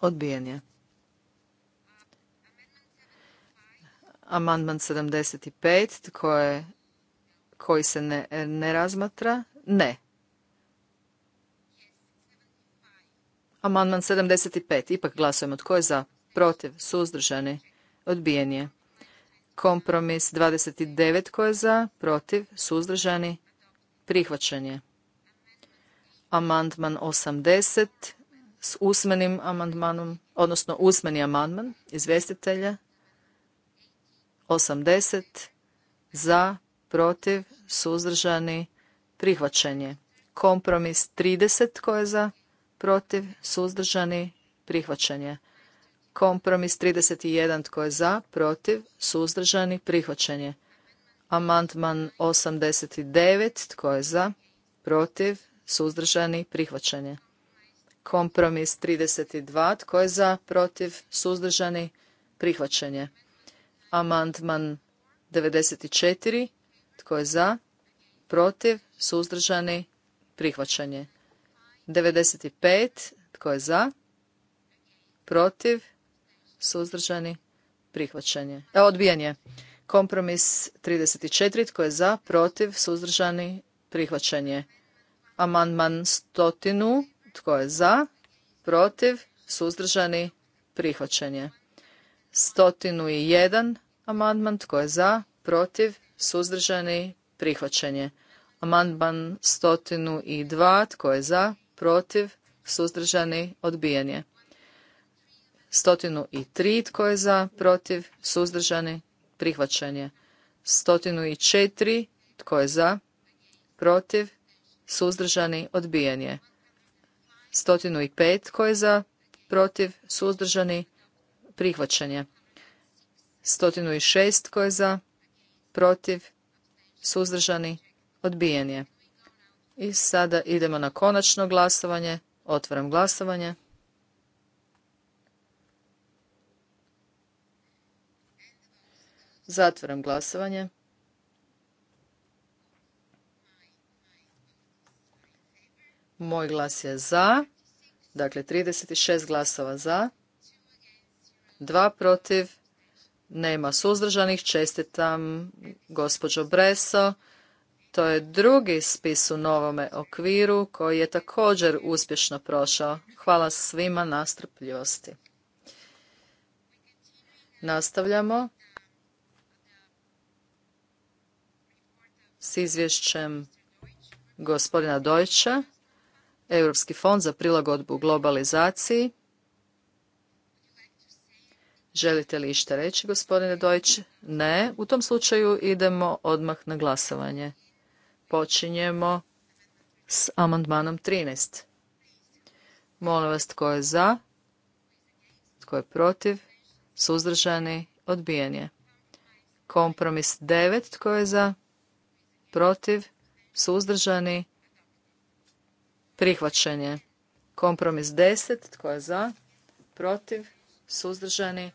Odbijen je. Amandman 75 koje, koji se ne, ne razmatra. Ne. Amandman 75. Ipak glasujemo. Tko je za? Protiv? Suzdržani? Odbijen je. Kompromis 29. Tko je za? Protiv? Suzdržani? Prihvaćen je. Amandman 80 s usmenim amandmanom, odnosno usmeni amandman izvjestitelja. 80 za, protiv, suzdržani, prihvaćen je. Kompromis 30. Tko je za? protiv, suzdržani, prihvaćanje. Kompromis 31 tko je za, protiv, suzdržani, prihvaćanje. Amandman 89 tko je za, protiv, suzdržani, prihvaćanje. Kompromis 32 tko je za, protiv, suzdržani, prihvaćanje. Amandman 94 tko je za, protiv, suzdržani, prihvaćanje. 95. Tko je za? Protiv? Suzdržani? Prihvaćanje. E, je. Kompromis 34. Tko je za? Protiv? Suzdržani? Prihvaćanje. Amandman stotinu. Tko je za? Protiv? Suzdržani? Prihvaćanje. Stotinu i jedan. Amandman. Tko je za? Protiv? Suzdržani? Prihvaćanje. Amandman stotinu i dva. Tko je za? protiv, suzdržani, odbijen je. 103 tko je za, protiv, suzdržani, prihvaćanje je. 104 tko je za, protiv, suzdržani, odbijen je. 105 tko je za, protiv, suzdržani, prihvaćanje je. 106 tko je za, protiv, suzdržani, odbijen je. I sada idemo na konačno glasovanje. Otvaram glasovanje. Zatvaram glasovanje. Moj glas je za. Dakle, 36 glasova za. Dva protiv. Nema suzdržanih. Čestitam gospođo Breso. To je drugi spis u novome okviru koji je također uspješno prošao. Hvala svima na strpljivosti. Nastavljamo s izvješćem gospodina Dojča, Europski fond za prilagodbu globalizaciji. Želite li išta reći, gospodine Dojč? Ne. U tom slučaju idemo odmah na glasovanje. Počinjemo s amandmanom 13. Molim vas tko je za, tko je protiv, suzdržani, odbijen je. Kompromis 9. Tko je za, protiv, suzdržani, prihvaćen je. Kompromis 10. Tko je za, protiv, suzdržani,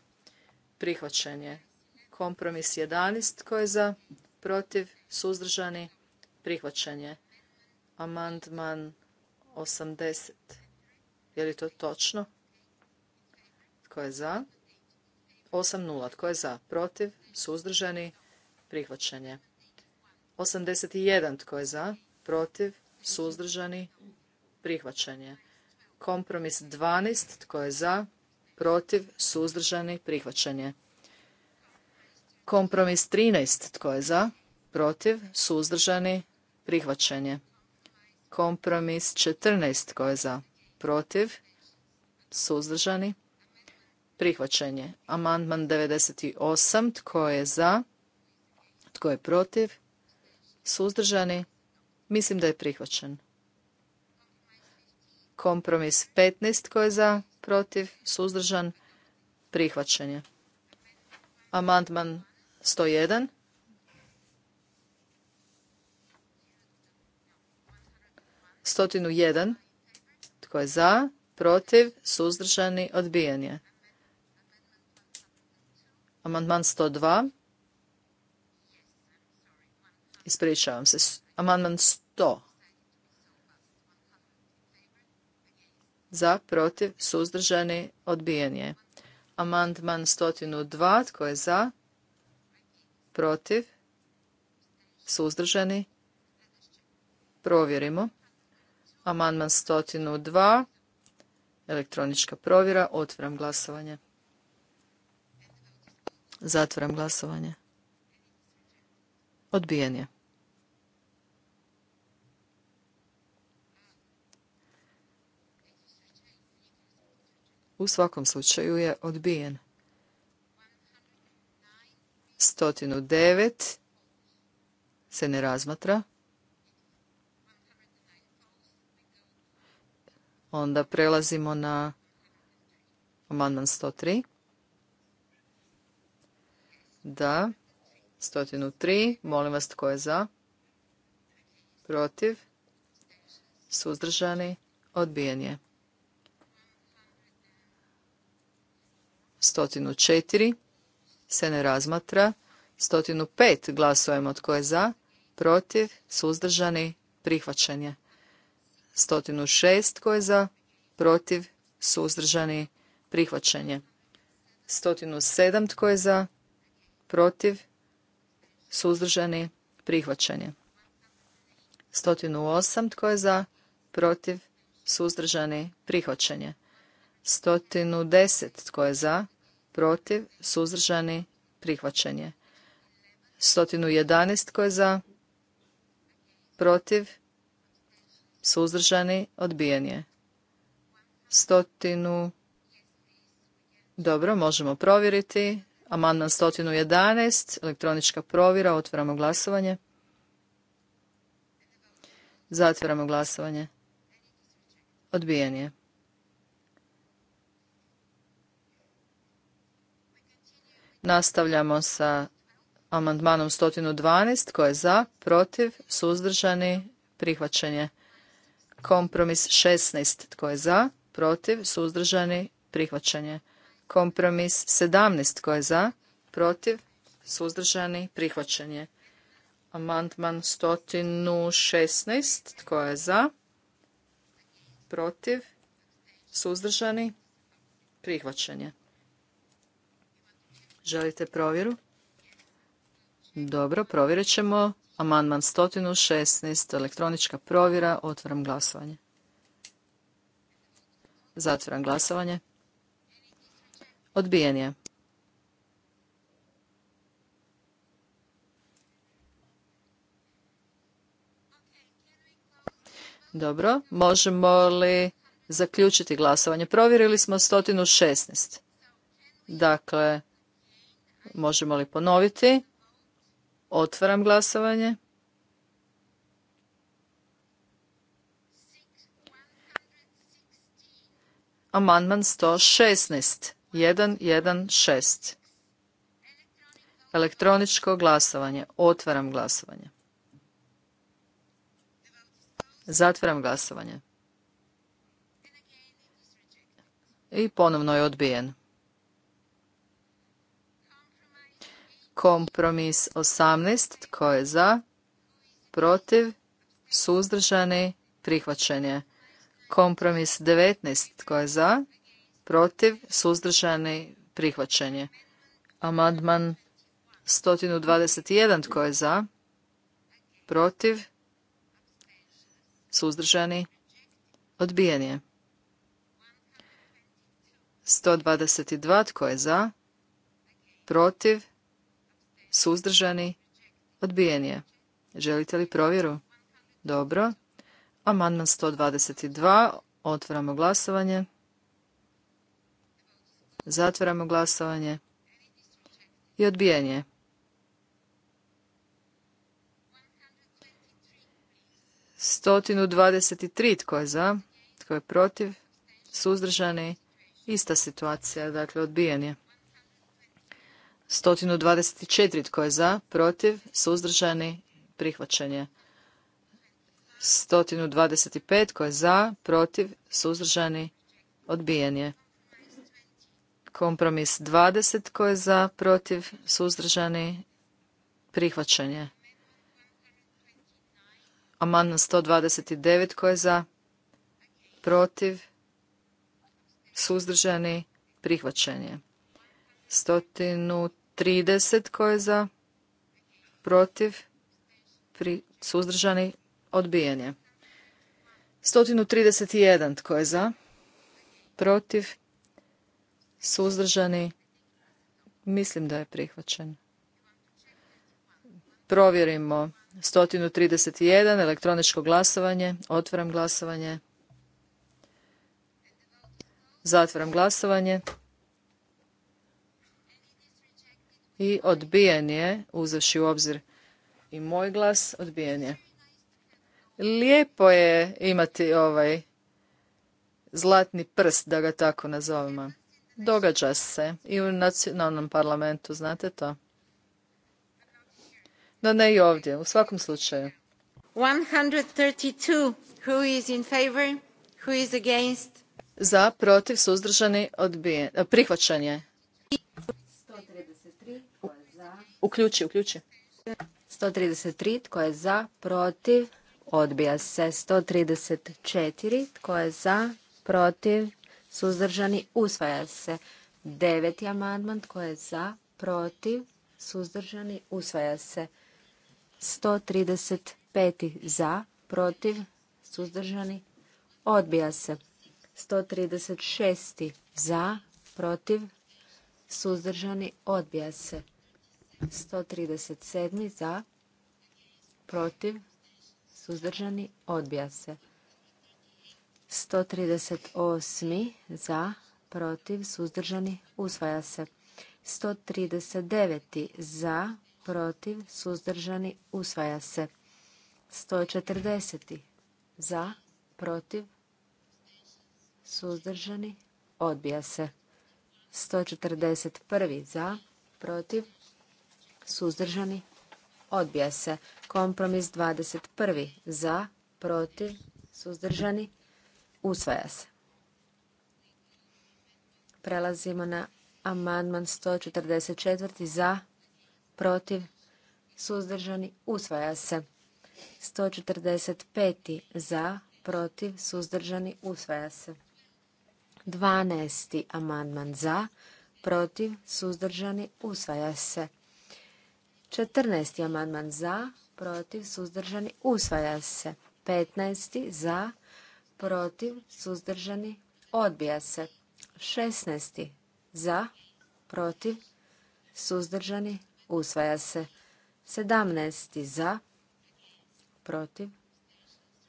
prihvaćen je. Kompromis 11. Tko je za, protiv, suzdržani, Prihvaćanje, Amandman 80. Je li to točno? Tko je za? 8.0. Tko je za? Protiv? Suzdržani? Prihvaćen je. 81. Tko je za? Protiv? Suzdržani? Prihvaćen je. Kompromis 12. Tko je za? Protiv? Suzdržani? Prihvaćanje. je. Kompromis 13. Tko je za? Protiv? Suzdržani? Prihvaćen je. Kompromis 14. Tko je za? Protiv? Suzdržani? Prihvaćen je. Amandman 98. Tko je za? Tko je protiv? Suzdržani? Mislim da je prihvaćen. Kompromis 15. Tko je za? Protiv? Suzdržan? Prihvaćen je. Amandman 101. 101. Tko je za? Protiv? Suzdržani? Odbijen je. Amandman 102. Ispričavam se. Amandman 100. Za, protiv, suzdržani, odbijen je. Amandman 102. Tko je za? Protiv? Suzdržani? Provjerimo. Amandman 102. Elektronička provjera. Otvaram glasovanje. Zatvaram glasovanje. Odbijen je. U svakom slučaju je odbijen. 109 se ne razmatra. Onda prelazimo na amandman 103. Da. 103. Molim vas tko je za? Protiv? Suzdržani? Odbijen je. 104. Se ne razmatra. 105. Glasujemo tko je za? Protiv? Suzdržani? Prihvaćen je. 106 koje za, protiv, suzdržani, prihvaćanje. 107 tko je za, protiv, suzdržani, prihvaćanje. 108 tko je za, protiv, suzdržani, prihvaćanje. 110 tko je za, protiv, suzdržani, prihvaćanje. 111 tko je za, protiv, Suzdržani? Odbijen je. Stotinu... Dobro, možemo provjeriti. Amandman 111, elektronička provjera, otvaramo glasovanje. Zatvaramo glasovanje. Odbijen je. Nastavljamo sa amandmanom 112, koje je za, protiv, suzdržani, prihvaćen je. Kompromis 16. Tko je za? Protiv? Suzdržani? Prihvaćanje. Kompromis 17. Tko je za? Protiv? Suzdržani? Prihvaćanje. Amandman 116. Tko je za? Protiv? Suzdržani? Prihvaćanje. Želite provjeru? Dobro, provjerit ćemo Amandman 116, elektronička provjera, otvaram glasovanje. Zatvaram glasovanje. Odbijen je. Dobro, možemo li zaključiti glasovanje? Provjerili smo 116. Dakle, možemo li ponoviti? Otvaram glasovanje. Amandman 116. 116. Elektroničko glasovanje. Otvaram glasovanje. Zatvaram glasovanje. I ponovno je odbijen. Kompromis 18. Tko je za? Protiv? Suzdržani? Prihvaćen je. Kompromis 19. Tko je za? Protiv? Suzdržani? Prihvaćen je. Amandman 121. Tko je za? Protiv? Suzdržani? Odbijen je. 122. Tko je za? Protiv? Suzdržani? Odbijen je. Želite li provjeru? Dobro. Amandman 122. Otvaramo glasovanje. Zatvaramo glasovanje. I odbijen je. 123. Tko je za? Tko je protiv? Suzdržani? Ista situacija, dakle odbijen je. 124. Tko je za? Protiv? Suzdržani? Prihvaćen je. 125. Tko je za? Protiv? Suzdržani? Odbijen je. Kompromis 20. Tko je za? Protiv? Suzdržani? Prihvaćen je. Amandman 129. Tko je za? Protiv? Suzdržani? Prihvaćen je. 130 koje je za, protiv, pri, suzdržani, odbijen je. 131 tko je za, protiv, suzdržani, mislim da je prihvaćen. Provjerimo 131 elektroničko glasovanje, otvaram glasovanje, zatvaram glasovanje. i odbijen je, uzevši u obzir i moj glas, odbijen je. Lijepo je imati ovaj zlatni prst, da ga tako nazovemo. Događa se i u nacionalnom parlamentu, znate to? No ne i ovdje, u svakom slučaju. 132. Who is in favor? Who is against? Za, protiv, suzdržani, odbijen. Prihvaćan je. Uključi, uključi. 133. Tko je za? Protiv? Odbija se. 134. Tko je za? Protiv? Suzdržani? Usvaja se. Deveti amandman. Tko je za? Protiv? Suzdržani? Usvaja se. 135. Za? Protiv? Suzdržani? Odbija se. 136. Za? Protiv? Suzdržani? Odbija se. 137. za, protiv, suzdržani, odbija se. 138. za, protiv, suzdržani, usvaja se. 139. za, protiv, suzdržani, usvaja se. 140. za, protiv, suzdržani, odbija se. 141. za, protiv, suzdržani, odbija se. Kompromis 21. za, protiv, suzdržani, usvaja se. Prelazimo na amandman 144. za, protiv, suzdržani, usvaja se. 145. za, protiv, suzdržani, usvaja se. 12. amandman za, protiv, suzdržani, usvaja se. 14. amandman za, protiv, suzdržani, usvaja se. 15. za, protiv, suzdržani, odbija se. 16. za, protiv, suzdržani, usvaja se. 17. za, protiv,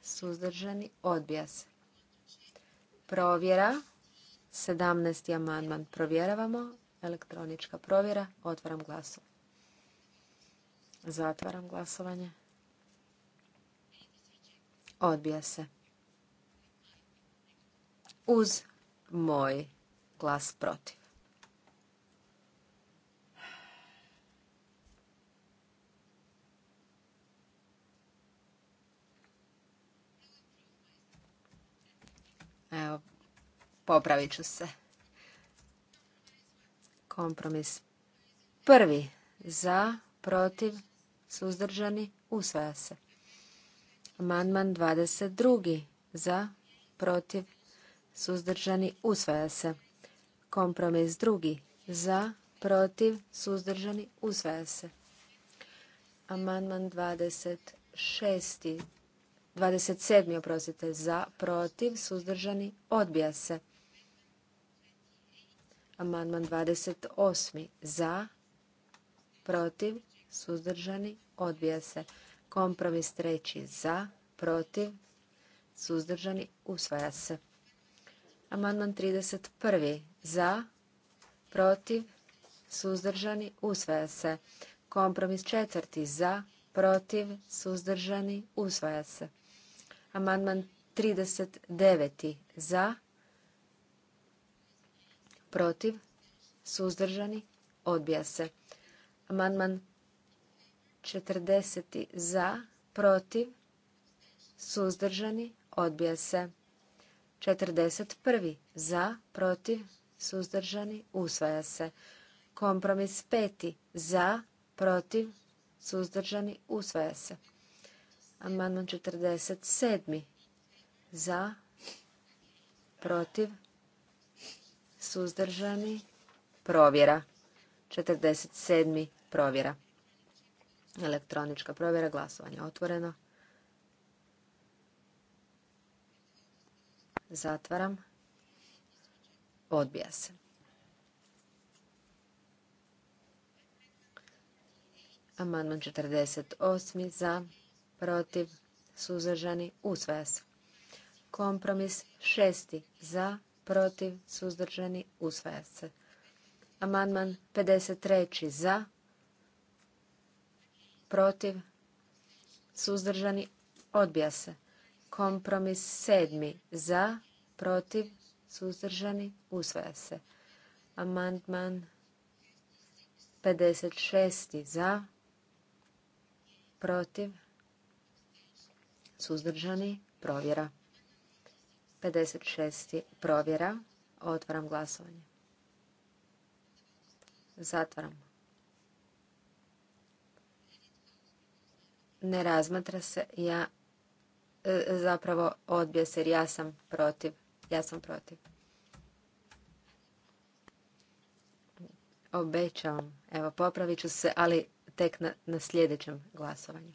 suzdržani, odbija se. Provjera. 17. amandman provjeravamo. Elektronička provjera. Otvaram glasovanje. Zatvaram glasovanje. Odbija se. Uz moj glas protiv. Evo, popravit ću se. Kompromis. Prvi za, protiv, suzdržani, usvaja se. Amandman 22. za, protiv, suzdržani, usvaja se. Kompromis drugi za, protiv, suzdržani, usvaja se. Amandman 26. 27. oprostite, za, protiv, suzdržani, odbija se. Amandman 28. za, protiv, suzdržani, odbija se. Kompromis treći za, protiv, suzdržani, usvaja se. Amandman 31. za, protiv, suzdržani, usvaja se. Kompromis četvrti za, protiv, suzdržani, usvaja se. Amandman 39. za, protiv, suzdržani, odbija se. Amandman 40. za, protiv, suzdržani, odbija se. 41. za, protiv, suzdržani, usvaja se. Kompromis 5. za, protiv, suzdržani, usvaja se. Amandman 47. za, protiv, suzdržani, provjera. 47. provjera. Elektronička provjera glasovanja otvoreno. Zatvaram. Odbija se. Amandman 48. za, protiv, suzdržani, usvaja se. Kompromis 6. za, protiv, suzdržani, usvaja se. Amandman 53. za, protiv, suzdržani, odbija se. Kompromis sedmi za, protiv, suzdržani, usvaja se. Amandman 56. za, protiv, suzdržani, provjera. 56. provjera. Otvaram glasovanje. Zatvaram. Ne razmatra se. Ja e, zapravo odbija se jer ja sam protiv. Ja sam protiv. Obećavam. Evo, popravit ću se, ali tek na, na sljedećem glasovanju.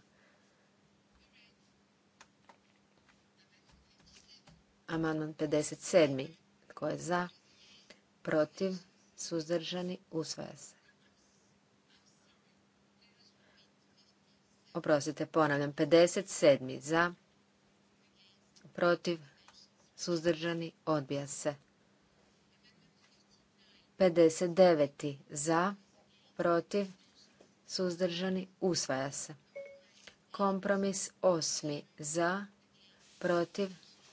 Amandman 57. Tko je za? Protiv? Suzdržani? Usvaja se. oprostite, ponavljam, 57. za, protiv, suzdržani, odbija se. 59. za, protiv, suzdržani, usvaja se. Kompromis 8. za, protiv,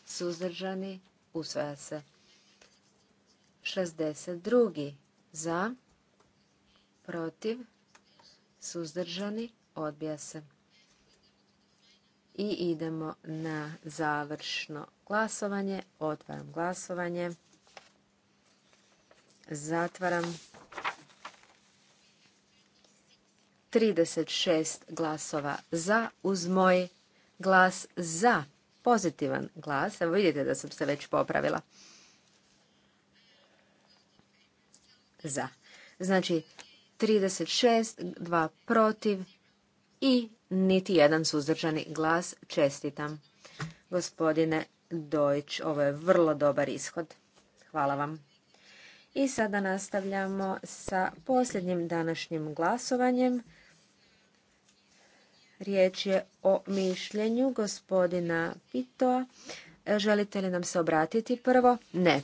suzdržani, usvaja se. 62. za, protiv, suzdržani, odbija se. I idemo na završno glasovanje. Otvaram glasovanje. Zatvaram. 36 glasova za uz moj glas za. Pozitivan glas. Evo vidite da sam se već popravila. Za. Znači 36, 2 protiv, i niti jedan suzdržani glas. Čestitam. Gospodine Dojić, ovo je vrlo dobar ishod. Hvala vam. I sada nastavljamo sa posljednjim današnjim glasovanjem. Riječ je o mišljenju gospodina Pitoa. Želite li nam se obratiti prvo? Ne.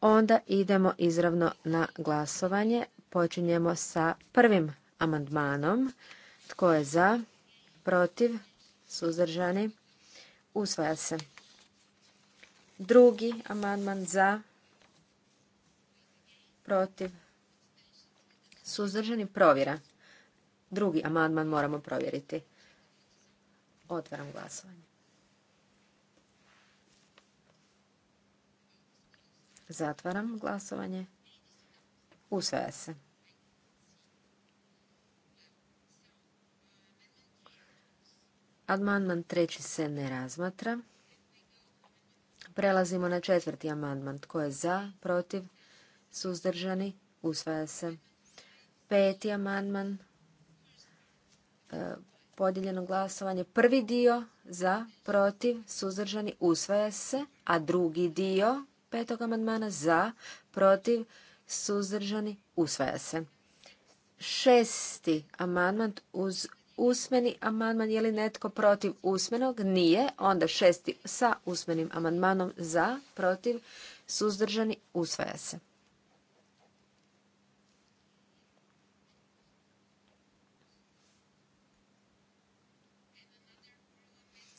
Onda idemo izravno na glasovanje. Počinjemo sa prvim amandmanom. Tko je za? Protiv? Suzdržani? Usvaja se. Drugi amandman za? Protiv? Suzdržani? Provjera. Drugi amandman moramo provjeriti. Otvaram glasovanje. Zatvaram glasovanje. Usvaja se. Amandman treći se ne razmatra. Prelazimo na četvrti amandman. Tko je za, protiv, suzdržani, usvaja se. Peti amandman, e, podijeljeno glasovanje. Prvi dio za, protiv, suzdržani, usvaja se, a drugi dio petog amandmana za, protiv, suzdržani, usvaja se. Šesti amandman uz usmeni amandman. Je li netko protiv usmenog? Nije. Onda šesti sa usmenim amandmanom za, protiv, suzdržani, usvaja se.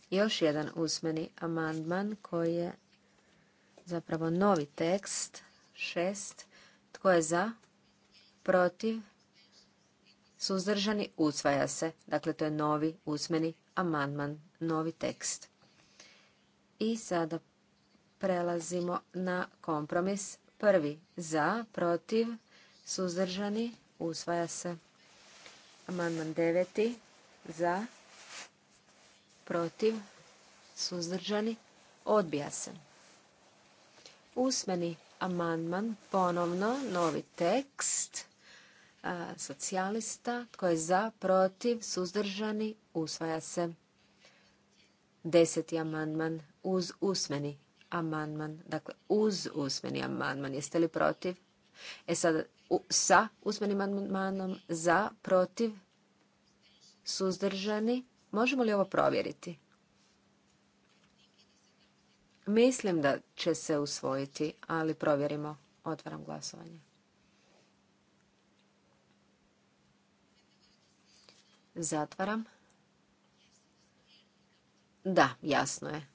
Još jedan usmeni amandman koji je zapravo novi tekst, šest. Tko je za? Protiv? suzdržani, usvaja se. Dakle, to je novi usmeni amandman, novi tekst. I sada prelazimo na kompromis. Prvi za, protiv, suzdržani, usvaja se. Amandman deveti za, protiv, suzdržani, odbija se. Usmeni amandman, ponovno, novi tekst socijalista. Tko je za, protiv, suzdržani, usvaja se. Deseti amandman uz usmeni amandman. Dakle, uz usmeni amandman. Jeste li protiv? E sad, sa usmenim amandmanom, za, protiv, suzdržani. Možemo li ovo provjeriti? Mislim da će se usvojiti, ali provjerimo. Otvaram glasovanje. Zatvaram. Da, jasno je.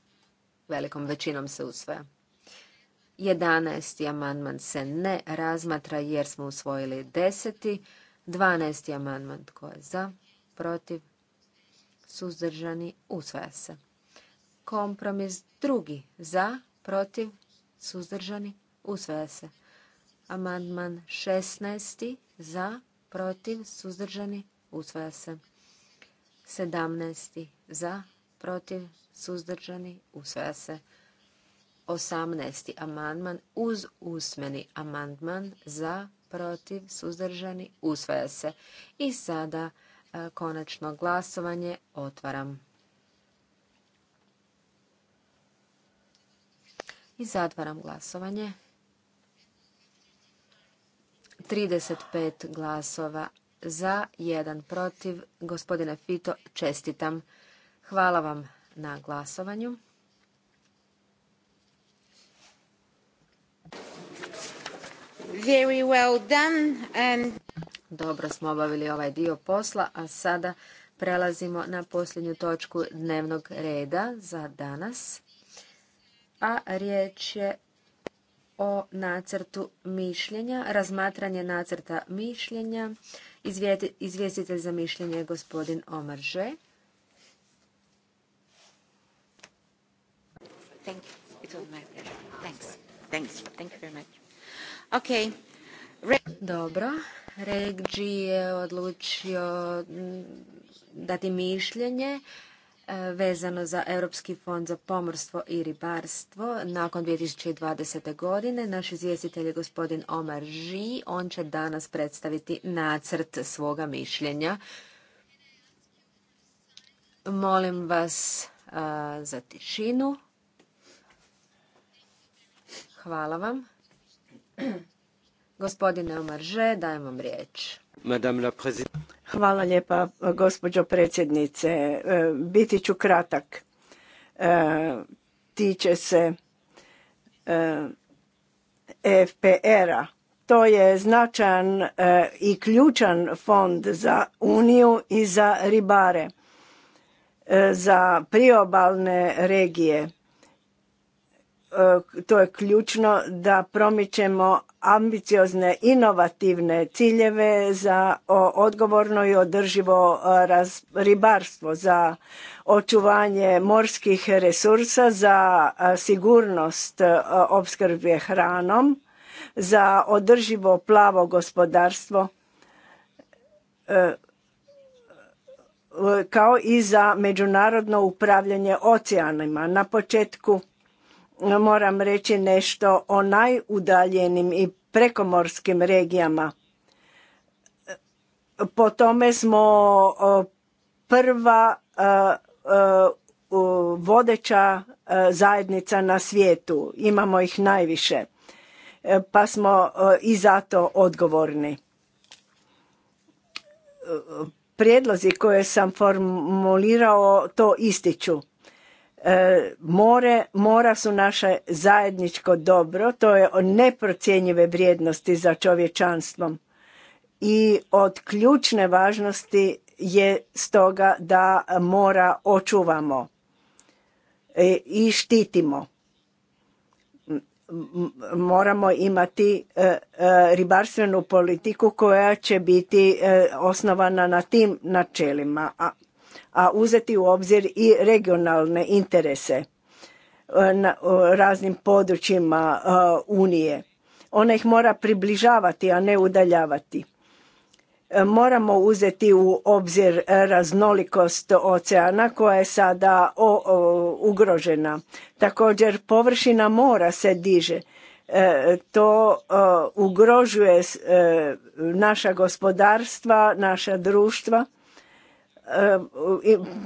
Velikom većinom se usvaja. 11. amandman se ne razmatra jer smo usvojili 10. 12. amandman tko je za, protiv, suzdržani, usvaja se. Kompromis drugi za, protiv, suzdržani, usvaja se. Amandman 16. za, protiv, suzdržani, usvaja se. 17. za, protiv, suzdržani, usvaja se. 18. amandman uz usmeni amandman za, protiv, suzdržani, usvaja se. I sada e, konačno glasovanje otvaram. I zatvaram glasovanje. 35 glasova za, jedan protiv. Gospodine Fito, čestitam. Hvala vam na glasovanju. Dobro smo obavili ovaj dio posla, a sada prelazimo na posljednju točku dnevnog reda za danas. A riječ je o nacrtu mišljenja, razmatranje nacrta mišljenja, izvjestitelj za mišljenje je gospodin Omar Že. Dobro. Regđi je odlučio mm, dati mišljenje E, vezano za Europski fond za pomorstvo i ribarstvo nakon 2020. godine. Naš izvjestitelj je gospodin Omar Ži. On će danas predstaviti nacrt svoga mišljenja. Molim vas e, za tišinu. Hvala vam. Gospodine Omar Omarže, dajem vam riječ. Hvala lijepa, gospođo predsjednice. E, biti ću kratak. E, tiče se e, fpr a To je značajan i ključan fond za Uniju i za ribare, za priobalne regije. To je ključno da promičemo ambiciozne inovativne ciljeve za odgovorno i održivo e, ribarstvo za očuvanje morskih resursa za e, sigurnost e, opskrbe hranom za održivo plavo gospodarstvo kao i za međunarodno upravljanje oceanima na početku moram reći nešto o najudaljenim i prekomorskim regijama. Po tome smo prva e, e, vodeća e, zajednica na svijetu. Imamo ih najviše. Pa smo i zato odgovorni. Prijedlozi koje sam formulirao to ističu E, more, mora su naše zajedničko dobro, to je od neprocjenjive vrijednosti za čovječanstvo i od ključne važnosti je stoga da mora očuvamo e, i štitimo. Moramo imati e, ribarstvenu politiku koja će biti osnovana na tim načelima, a uzeti u obzir i regionalne interese e, na raznim područjima e, Unije. Ona ih mora približavati, a ne udaljavati. E, moramo uzeti u obzir raznolikost oceana koja je sada ugrožena. Također površina mora se diže. To ugrožuje naša gospodarstva, naša društva E,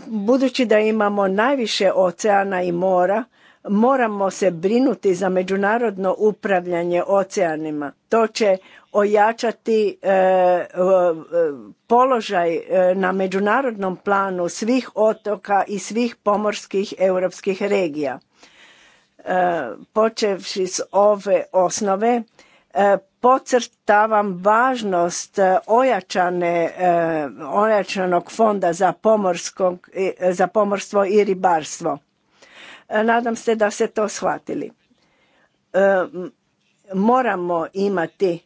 budući da imamo najviše oceana i mora, moramo se brinuti za međunarodno upravljanje oceanima. To će ojačati e, e, položaj na međunarodnom planu svih otoka i svih pomorskih europskih regija. počevši s ove osnove, E, podcrtavam važnost e, ojačane, e, ojačanog fonda za, pomorskog, za pomorstvo i ribarstvo. Nadam se da ste to shvatili. Moramo imati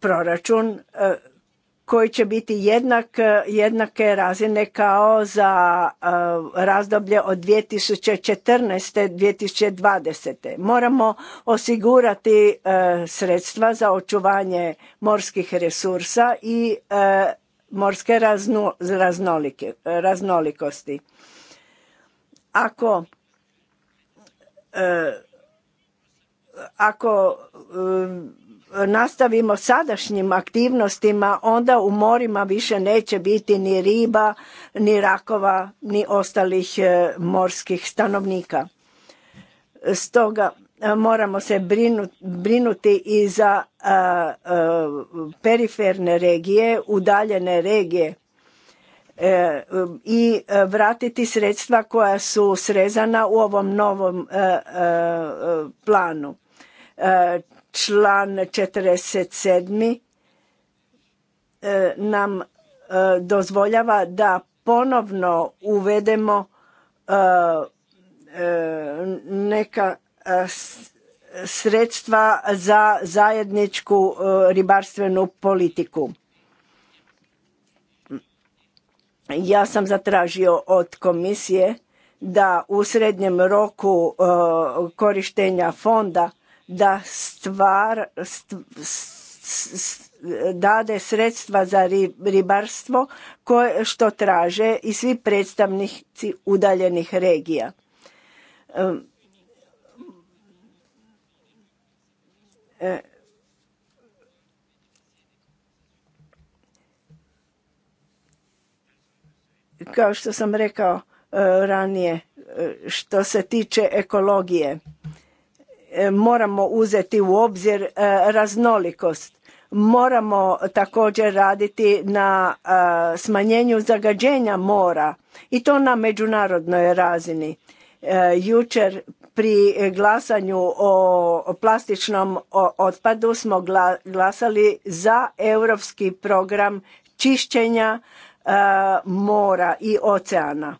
proračun koji će biti jednak, e, jednake razine kao za e, razdoblje od 2014. 2020. Moramo osigurati e, sredstva za očuvanje morskih resursa i morske raznolikosti. Ako ako nastavimo sadašnjim aktivnostima, onda u morima više neće biti ni riba, ni rakova, ni ostalih e, morskih stanovnika. Stoga e, moramo se brinuti i za e, periferne regije, udaljene regije i vratiti sredstva koja su srezana u ovom novom planu Član 47. E, nam e, dozvoljava da ponovno uvedemo e, neka sredstva za zajedničku ribarstvenu politiku. Ja sam zatražio od komisije da u srednjem roku korištenja fonda da stvar st, dade sredstva za ribarstvo koje što traže i svi predstavnici udaljenih regija. E, kao što sam rekao e, ranije e, što se tiče ekologije E, moramo uzeti u obzir e, raznolikost moramo također raditi na e, smanjenju zagađenja mora i to na međunarodnoj razini jučer pri glasanju o plastičnom otpadu smo glasali za europski program čišćenja mora i oceana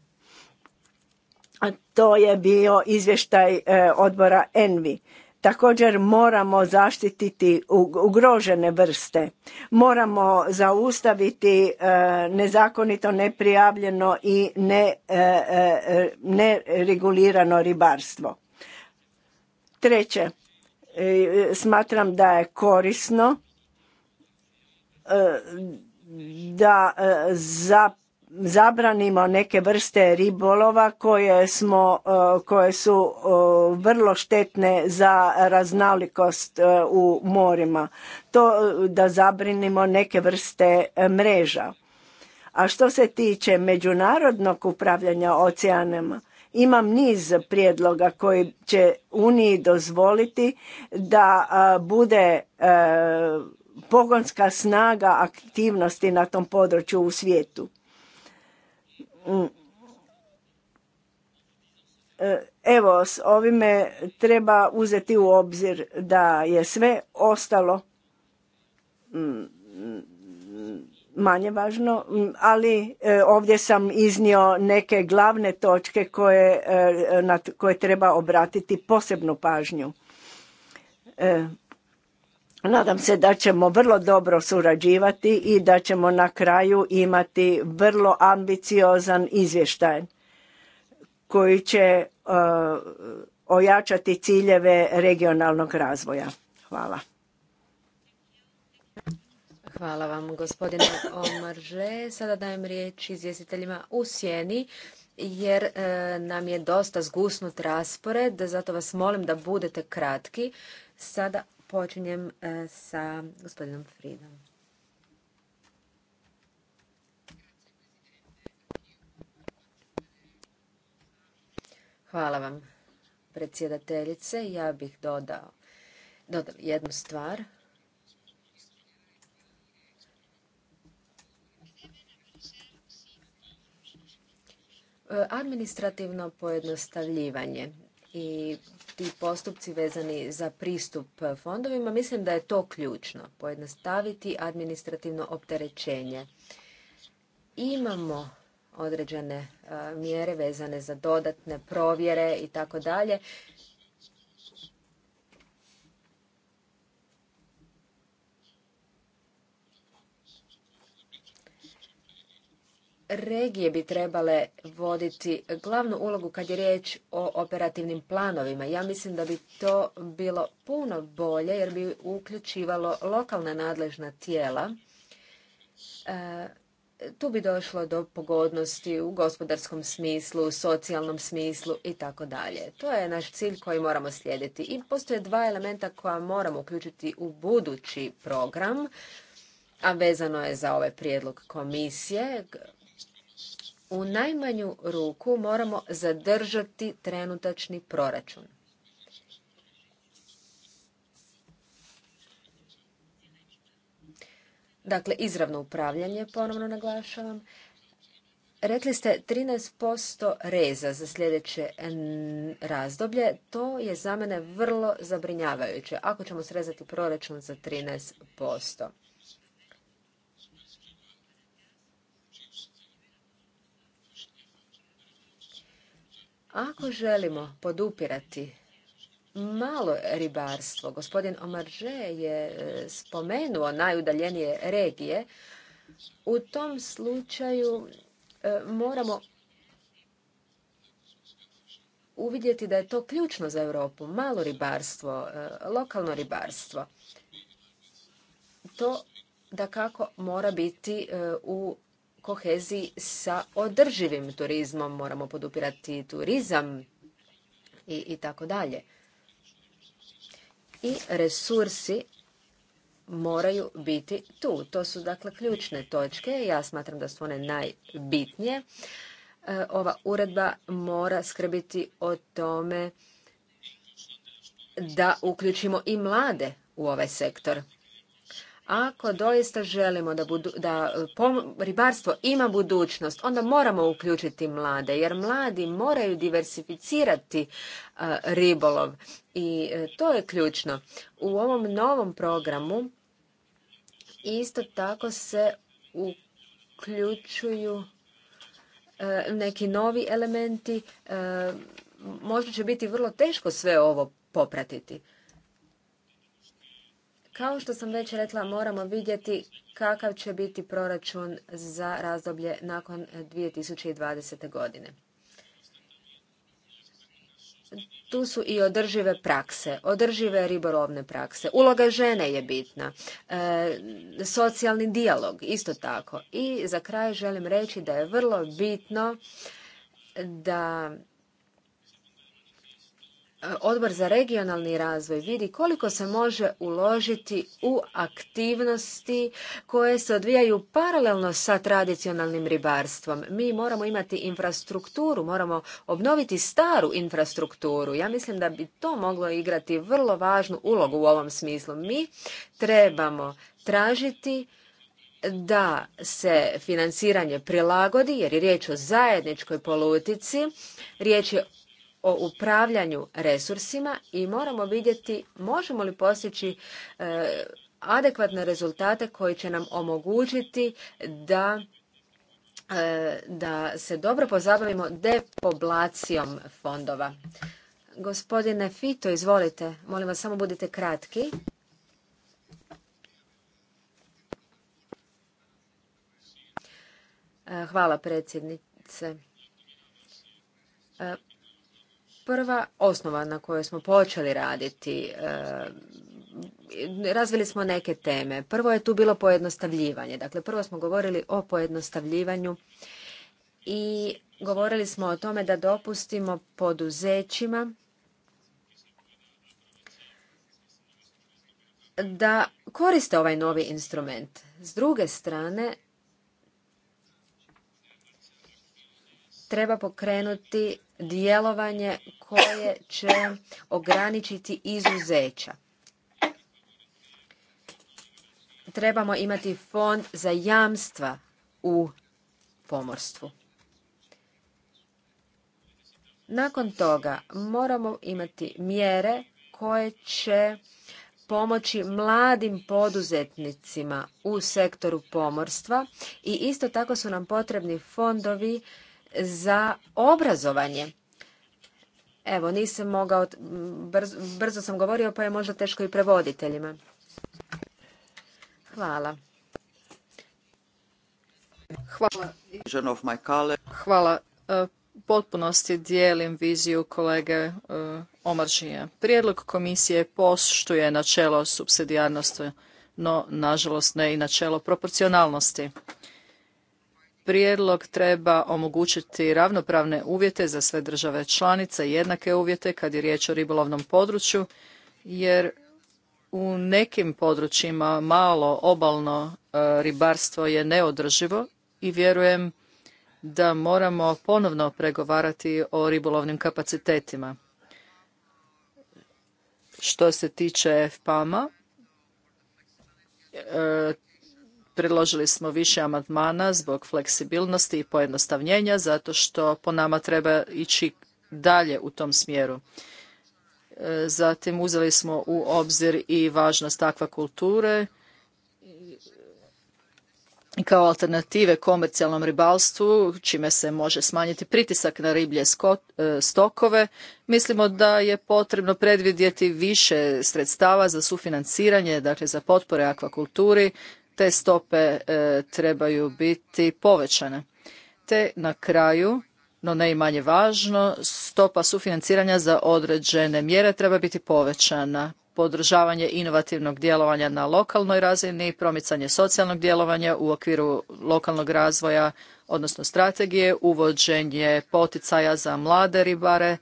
a to je bio izvještaj e, odbora Envi. Također moramo zaštititi ugrožene vrste. Moramo zaustaviti e, nezakonito, neprijavljeno i e, neregulirano ribarstvo. Treće, smatram da je korisno da za zabranimo neke vrste ribolova koje, smo, e, koje su e, vrlo štetne za raznolikost e, u morima. To da zabranimo neke vrste mreža. A što se tiče međunarodnog upravljanja oceanima, imam niz prijedloga koji će Uniji dozvoliti da bude pogonska snaga aktivnosti na tom području u svijetu. Mm. E, evo, s ovime treba uzeti u obzir da je sve ostalo mm, manje važno, mm, ali e, ovdje sam iznio neke glavne točke koje, e, na koje treba obratiti posebnu pažnju. Nadam se da ćemo vrlo dobro surađivati i da ćemo na kraju imati vrlo ambiciozan izvještaj koji će e, ojačati ciljeve regionalnog razvoja. Hvala. Hvala vam, gospodine Omarže. Sada dajem riječ izvjestiteljima u sjeni, jer e, nam je dosta zgusnut raspored, zato vas molim da budete kratki. Sada Počinjem e, sa gospodinom Fridom. Hvala vam, predsjedateljice. Ja bih dodao jednu stvar. E, administrativno pojednostavljivanje i ti postupci vezani za pristup fondovima, mislim da je to ključno, pojednostaviti administrativno opterećenje. Imamo određene mjere vezane za dodatne provjere i tako dalje regije bi trebale voditi glavnu ulogu kad je riječ o operativnim planovima. Ja mislim da bi to bilo puno bolje jer bi uključivalo lokalna nadležna tijela. E, tu bi došlo do pogodnosti u gospodarskom smislu, socijalnom smislu i tako dalje. To je naš cilj koji moramo slijediti. I postoje dva elementa koja moramo uključiti u budući program, a vezano je za ovaj prijedlog komisije u najmanju ruku moramo zadržati trenutačni proračun. Dakle, izravno upravljanje, ponovno naglašavam. Rekli ste 13% reza za sljedeće razdoblje. To je za mene vrlo zabrinjavajuće. Ako ćemo srezati proračun za 13%. Ako želimo podupirati malo ribarstvo, gospodin Omarže je e, spomenuo najudaljenije regije, u tom slučaju e, moramo uvidjeti da je to ključno za Europu, malo ribarstvo, e, lokalno ribarstvo. To da kako mora biti u koheziji sa održivim turizmom, moramo podupirati turizam i, i tako dalje. I resursi moraju biti tu. To su dakle ključne točke. Ja smatram da su one najbitnije. E, ova uredba mora skrbiti o tome da uključimo i mlade u ovaj sektor. Ako doista želimo da, budu, da e, ribarstvo ima budućnost, onda moramo uključiti mlade, jer mladi moraju diversificirati e, ribolov i e, to je ključno. U ovom novom programu isto tako se uključuju neki novi elementi. Možda će biti vrlo teško sve ovo popratiti. Kao što sam već rekla, moramo vidjeti kakav će biti proračun za razdoblje nakon 2020. godine. Tu su i održive prakse, održive ribolovne prakse. Uloga žene je bitna, e, socijalni dijalog isto tako. I za kraj želim reći da je vrlo bitno da odbor za regionalni razvoj vidi koliko se može uložiti u aktivnosti koje se odvijaju paralelno sa tradicionalnim ribarstvom. Mi moramo imati infrastrukturu, moramo obnoviti staru infrastrukturu. Ja mislim da bi to moglo igrati vrlo važnu ulogu u ovom smislu. Mi trebamo tražiti da se financiranje prilagodi, jer je riječ o zajedničkoj politici, riječ je o upravljanju resursima i moramo vidjeti možemo li postići e, adekvatne rezultate koji će nam omogućiti da e, da se dobro pozabavimo depoblacijom fondova. Gospodine Fito, izvolite. Molim vas, samo budite kratki. E, hvala predsjednice prva osnova na kojoj smo počeli raditi. E, razvili smo neke teme. Prvo je tu bilo pojednostavljivanje. Dakle, prvo smo govorili o pojednostavljivanju i govorili smo o tome da dopustimo poduzećima da koriste ovaj novi instrument. S druge strane, treba pokrenuti djelovanje koje će ograničiti izuzeća. Trebamo imati fond za jamstva u pomorstvu. Nakon toga moramo imati mjere koje će pomoći mladim poduzetnicima u sektoru pomorstva i isto tako su nam potrebni fondovi za obrazovanje. Evo, nisam mogao, brzo, brzo sam govorio, pa je možda teško i prevoditeljima. Hvala. Hvala. Hvala. E, potpunosti dijelim viziju kolege e, Omarđinja. Prijedlog komisije poštuje načelo subsidijarnosti, no nažalost ne i načelo proporcionalnosti. Prijedlog treba omogućiti ravnopravne uvjete za sve države članice, jednake uvjete kad je riječ o ribolovnom području, jer u nekim područjima malo obalno e, ribarstvo je neodrživo i vjerujem da moramo ponovno pregovarati o ribolovnim kapacitetima. Što se tiče FPAMA, Predložili smo više amandmana zbog fleksibilnosti i pojednostavljenja zato što po nama treba ići dalje u tom smjeru. E, zatim uzeli smo u obzir i važnost akvakulture kao alternative komercijalnom ribalstvu, čime se može smanjiti pritisak na riblje e, stokove. Mislimo da je potrebno predvidjeti više sredstava za sufinanciranje, dakle za potpore akvakulturi, te stope e, trebaju biti povećane. Te na kraju, no ne i manje važno, stopa sufinanciranja za određene mjere treba biti povećana podržavanje inovativnog djelovanja na lokalnoj razini, promicanje socijalnog djelovanja u okviru lokalnog razvoja, odnosno strategije, uvođenje poticaja za mlade ribare,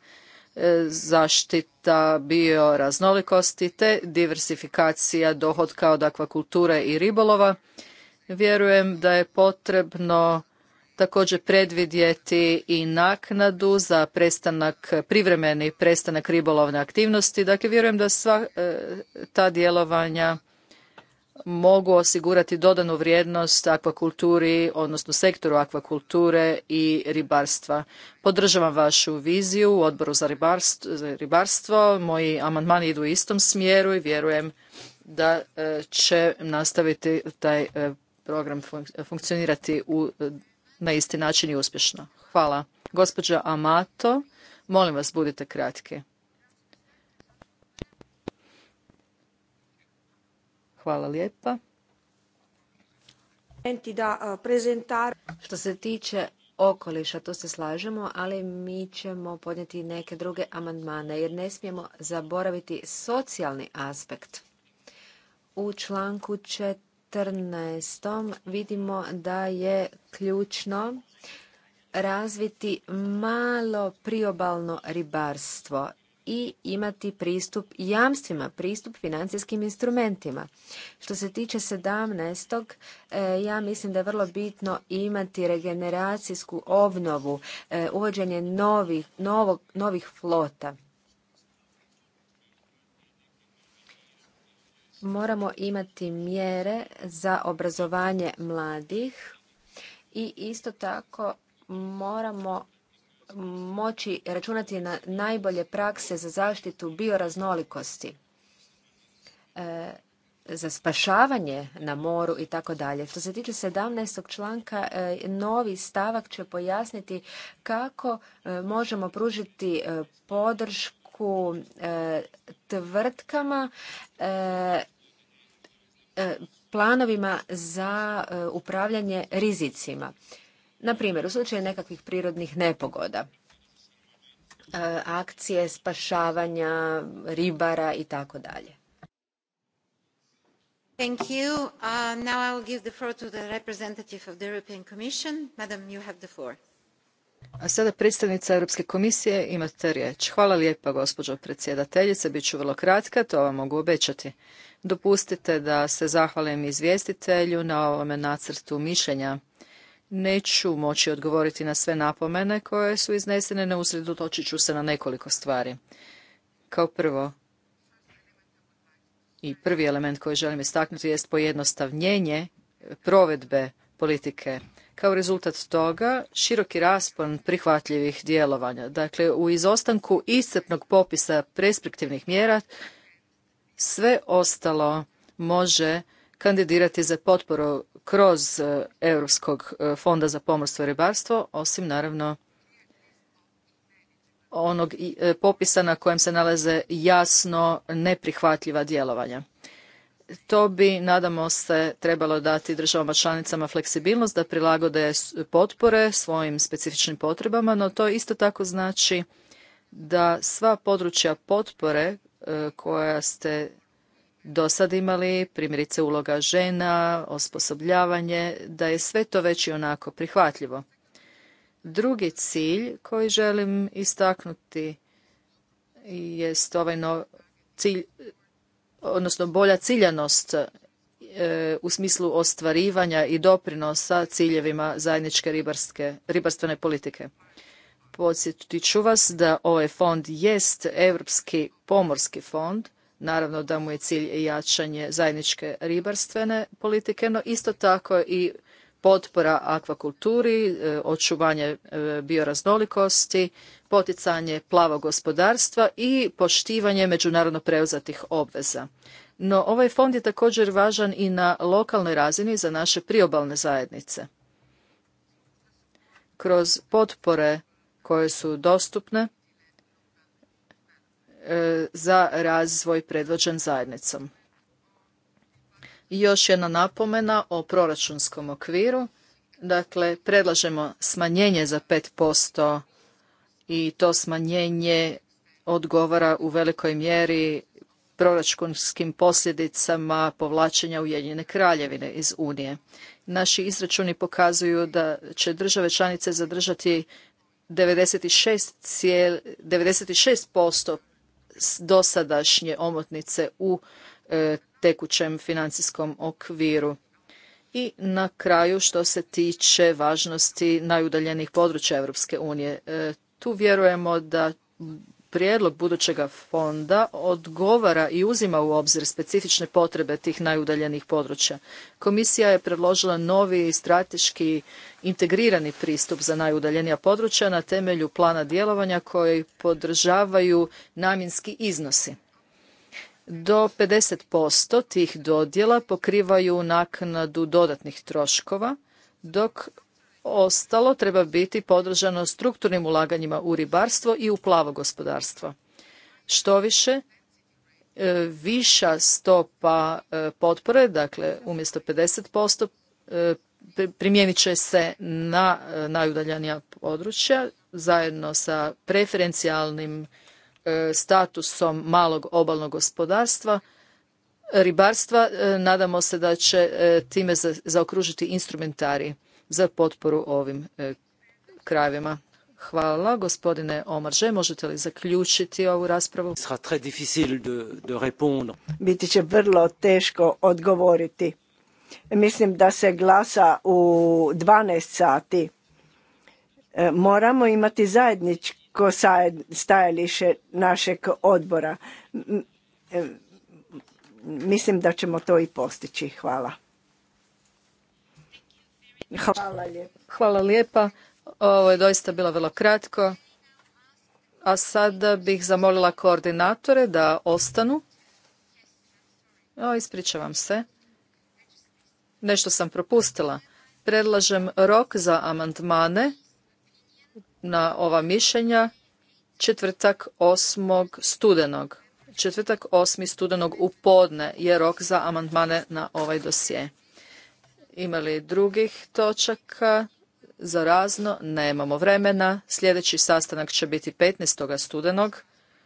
zaštita bioraznolikosti te diversifikacija dohodka od akvakulture i ribolova. Vjerujem da je potrebno također predvidjeti i naknadu za prestanak, privremeni prestanak ribolovne aktivnosti. Dakle, vjerujem da sva e, ta djelovanja mogu osigurati dodanu vrijednost akvakulturi, odnosno sektoru akvakulture i ribarstva. Podržavam vašu viziju u odboru za ribarstvo. Moji amandmani idu u istom smjeru i vjerujem da e, će nastaviti taj e, program funkcionirati u, na isti način i uspješno. Hvala. Gospođa Amato, molim vas budite kratki. Hvala lijepa. Što se tiče okoliša, tu se slažemo, ali mi ćemo podnijeti neke druge amandmane, jer ne smijemo zaboraviti socijalni aspekt. U članku 14. vidimo da je ključno razviti malo priobalno ribarstvo i imati pristup jamstvima, pristup financijskim instrumentima. Što se tiče 17. E, ja mislim da je vrlo bitno imati regeneracijsku obnovu, e, uvođenje novih, novog, novih flota. Moramo imati mjere za obrazovanje mladih i isto tako moramo moći računati na najbolje prakse za zaštitu bioraznolikosti, e, za spašavanje na moru i tako dalje. Što se tiče 17. članka, e, novi stavak će pojasniti kako e, možemo pružiti podršku tvrtkama planovima za upravljanje rizicima. Na primjer, u slučaju nekakvih prirodnih nepogoda, e, akcije spašavanja ribara i tako dalje. Thank you. Uh, now I will give the floor to the representative of the European Commission. Madam, you have the floor. A sada predstavnica Europske komisije imate riječ. Hvala lijepa gospođo predsjedateljice, bit ću vrlo kratka, to vam mogu obećati. Dopustite da se zahvalim izvjestitelju na ovome nacrtu mišljenja Neću moći odgovoriti na sve napomene koje su iznesene, ne usredotočit ću se na nekoliko stvari. Kao prvo, i prvi element koji želim istaknuti jest pojednostavnjenje provedbe politike. Kao rezultat toga, široki raspon prihvatljivih djelovanja. Dakle, u izostanku iscrpnog popisa perspektivnih mjera, sve ostalo može kandidirati za potporu kroz e, Europskog e, fonda za pomorstvo i ribarstvo, osim naravno onog e, popisa na kojem se nalaze jasno neprihvatljiva djelovanja. To bi, nadamo se, trebalo dati državama članicama fleksibilnost da prilagode potpore svojim specifičnim potrebama, no to isto tako znači da sva područja potpore koja ste do imali, primjerice uloga žena, osposobljavanje, da je sve to već i onako prihvatljivo. Drugi cilj koji želim istaknuti jest ovaj cilj, odnosno bolja ciljanost e, u smislu ostvarivanja i doprinosa ciljevima zajedničke ribarske, ribarstvene politike. Podsjetit ću vas da ovaj fond jest Europski pomorski fond Naravno da mu je cilj jačanje zajedničke ribarstvene politike, no isto tako i potpora akvakulturi, e, očuvanje e, bioraznolikosti, poticanje plavog gospodarstva i poštivanje međunarodno preuzetih obveza. No ovaj fond je također važan i na lokalnoj razini za naše priobalne zajednice. Kroz potpore koje su dostupne E, za razvoj predvođen zajednicom. I još jedna napomena o proračunskom okviru. Dakle, predlažemo smanjenje za 5% i to smanjenje odgovara u velikoj mjeri proračunskim posljedicama povlačenja Ujedinjene kraljevine iz Unije. Naši izračuni pokazuju da će države članice zadržati 96%, 96 dosadašnje omotnice u e, tekućem financijskom okviru. I na kraju što se tiče važnosti najudaljenih područja Europske unije. E, tu vjerujemo da prijedlog budućega fonda odgovara i uzima u obzir specifične potrebe tih najudaljenih područja. Komisija je predložila novi strateški integrirani pristup za najudaljenija područja na temelju plana djelovanja koji podržavaju namjenski iznosi. Do 50% tih dodjela pokrivaju naknadu dodatnih troškova, dok ostalo treba biti podržano strukturnim ulaganjima u ribarstvo i u plavo gospodarstvo. Štoviše, e, viša stopa e, potpore, dakle umjesto 50%, e, primijenit će se na najudaljenija područja zajedno sa preferencijalnim statusom malog obalnog gospodarstva ribarstva. Nadamo se da će time zaokružiti instrumentarij za potporu ovim e, krajevima. Hvala. Gospodine Omarže, možete li zaključiti ovu raspravu? Biti će vrlo teško odgovoriti. Mislim da se glasa u 12 sati. E, moramo imati zajedničko stajalište našeg odbora. E, mislim da ćemo to i postići. Hvala. Hvala lijepa. Ovo je doista bilo vrlo kratko. A sada bih zamolila koordinatore da ostanu. O, ispričavam se. Nešto sam propustila. Predlažem rok za amandmane na ova mišljenja četvrtak 8. studenog. Četvrtak 8. studenog u podne je rok za amandmane na ovaj dosje. Ima li drugih točaka za razno? Nemamo vremena. Sljedeći sastanak će biti 15. studenog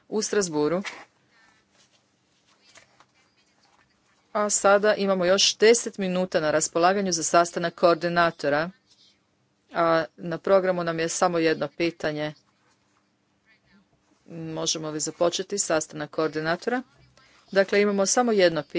u Strasburu. A sada imamo još 10 minuta na raspolaganju za sastanak koordinatora. A na programu nam je samo jedno pitanje. Možemo li započeti sastanak koordinatora? Dakle, imamo samo jedno pitanje.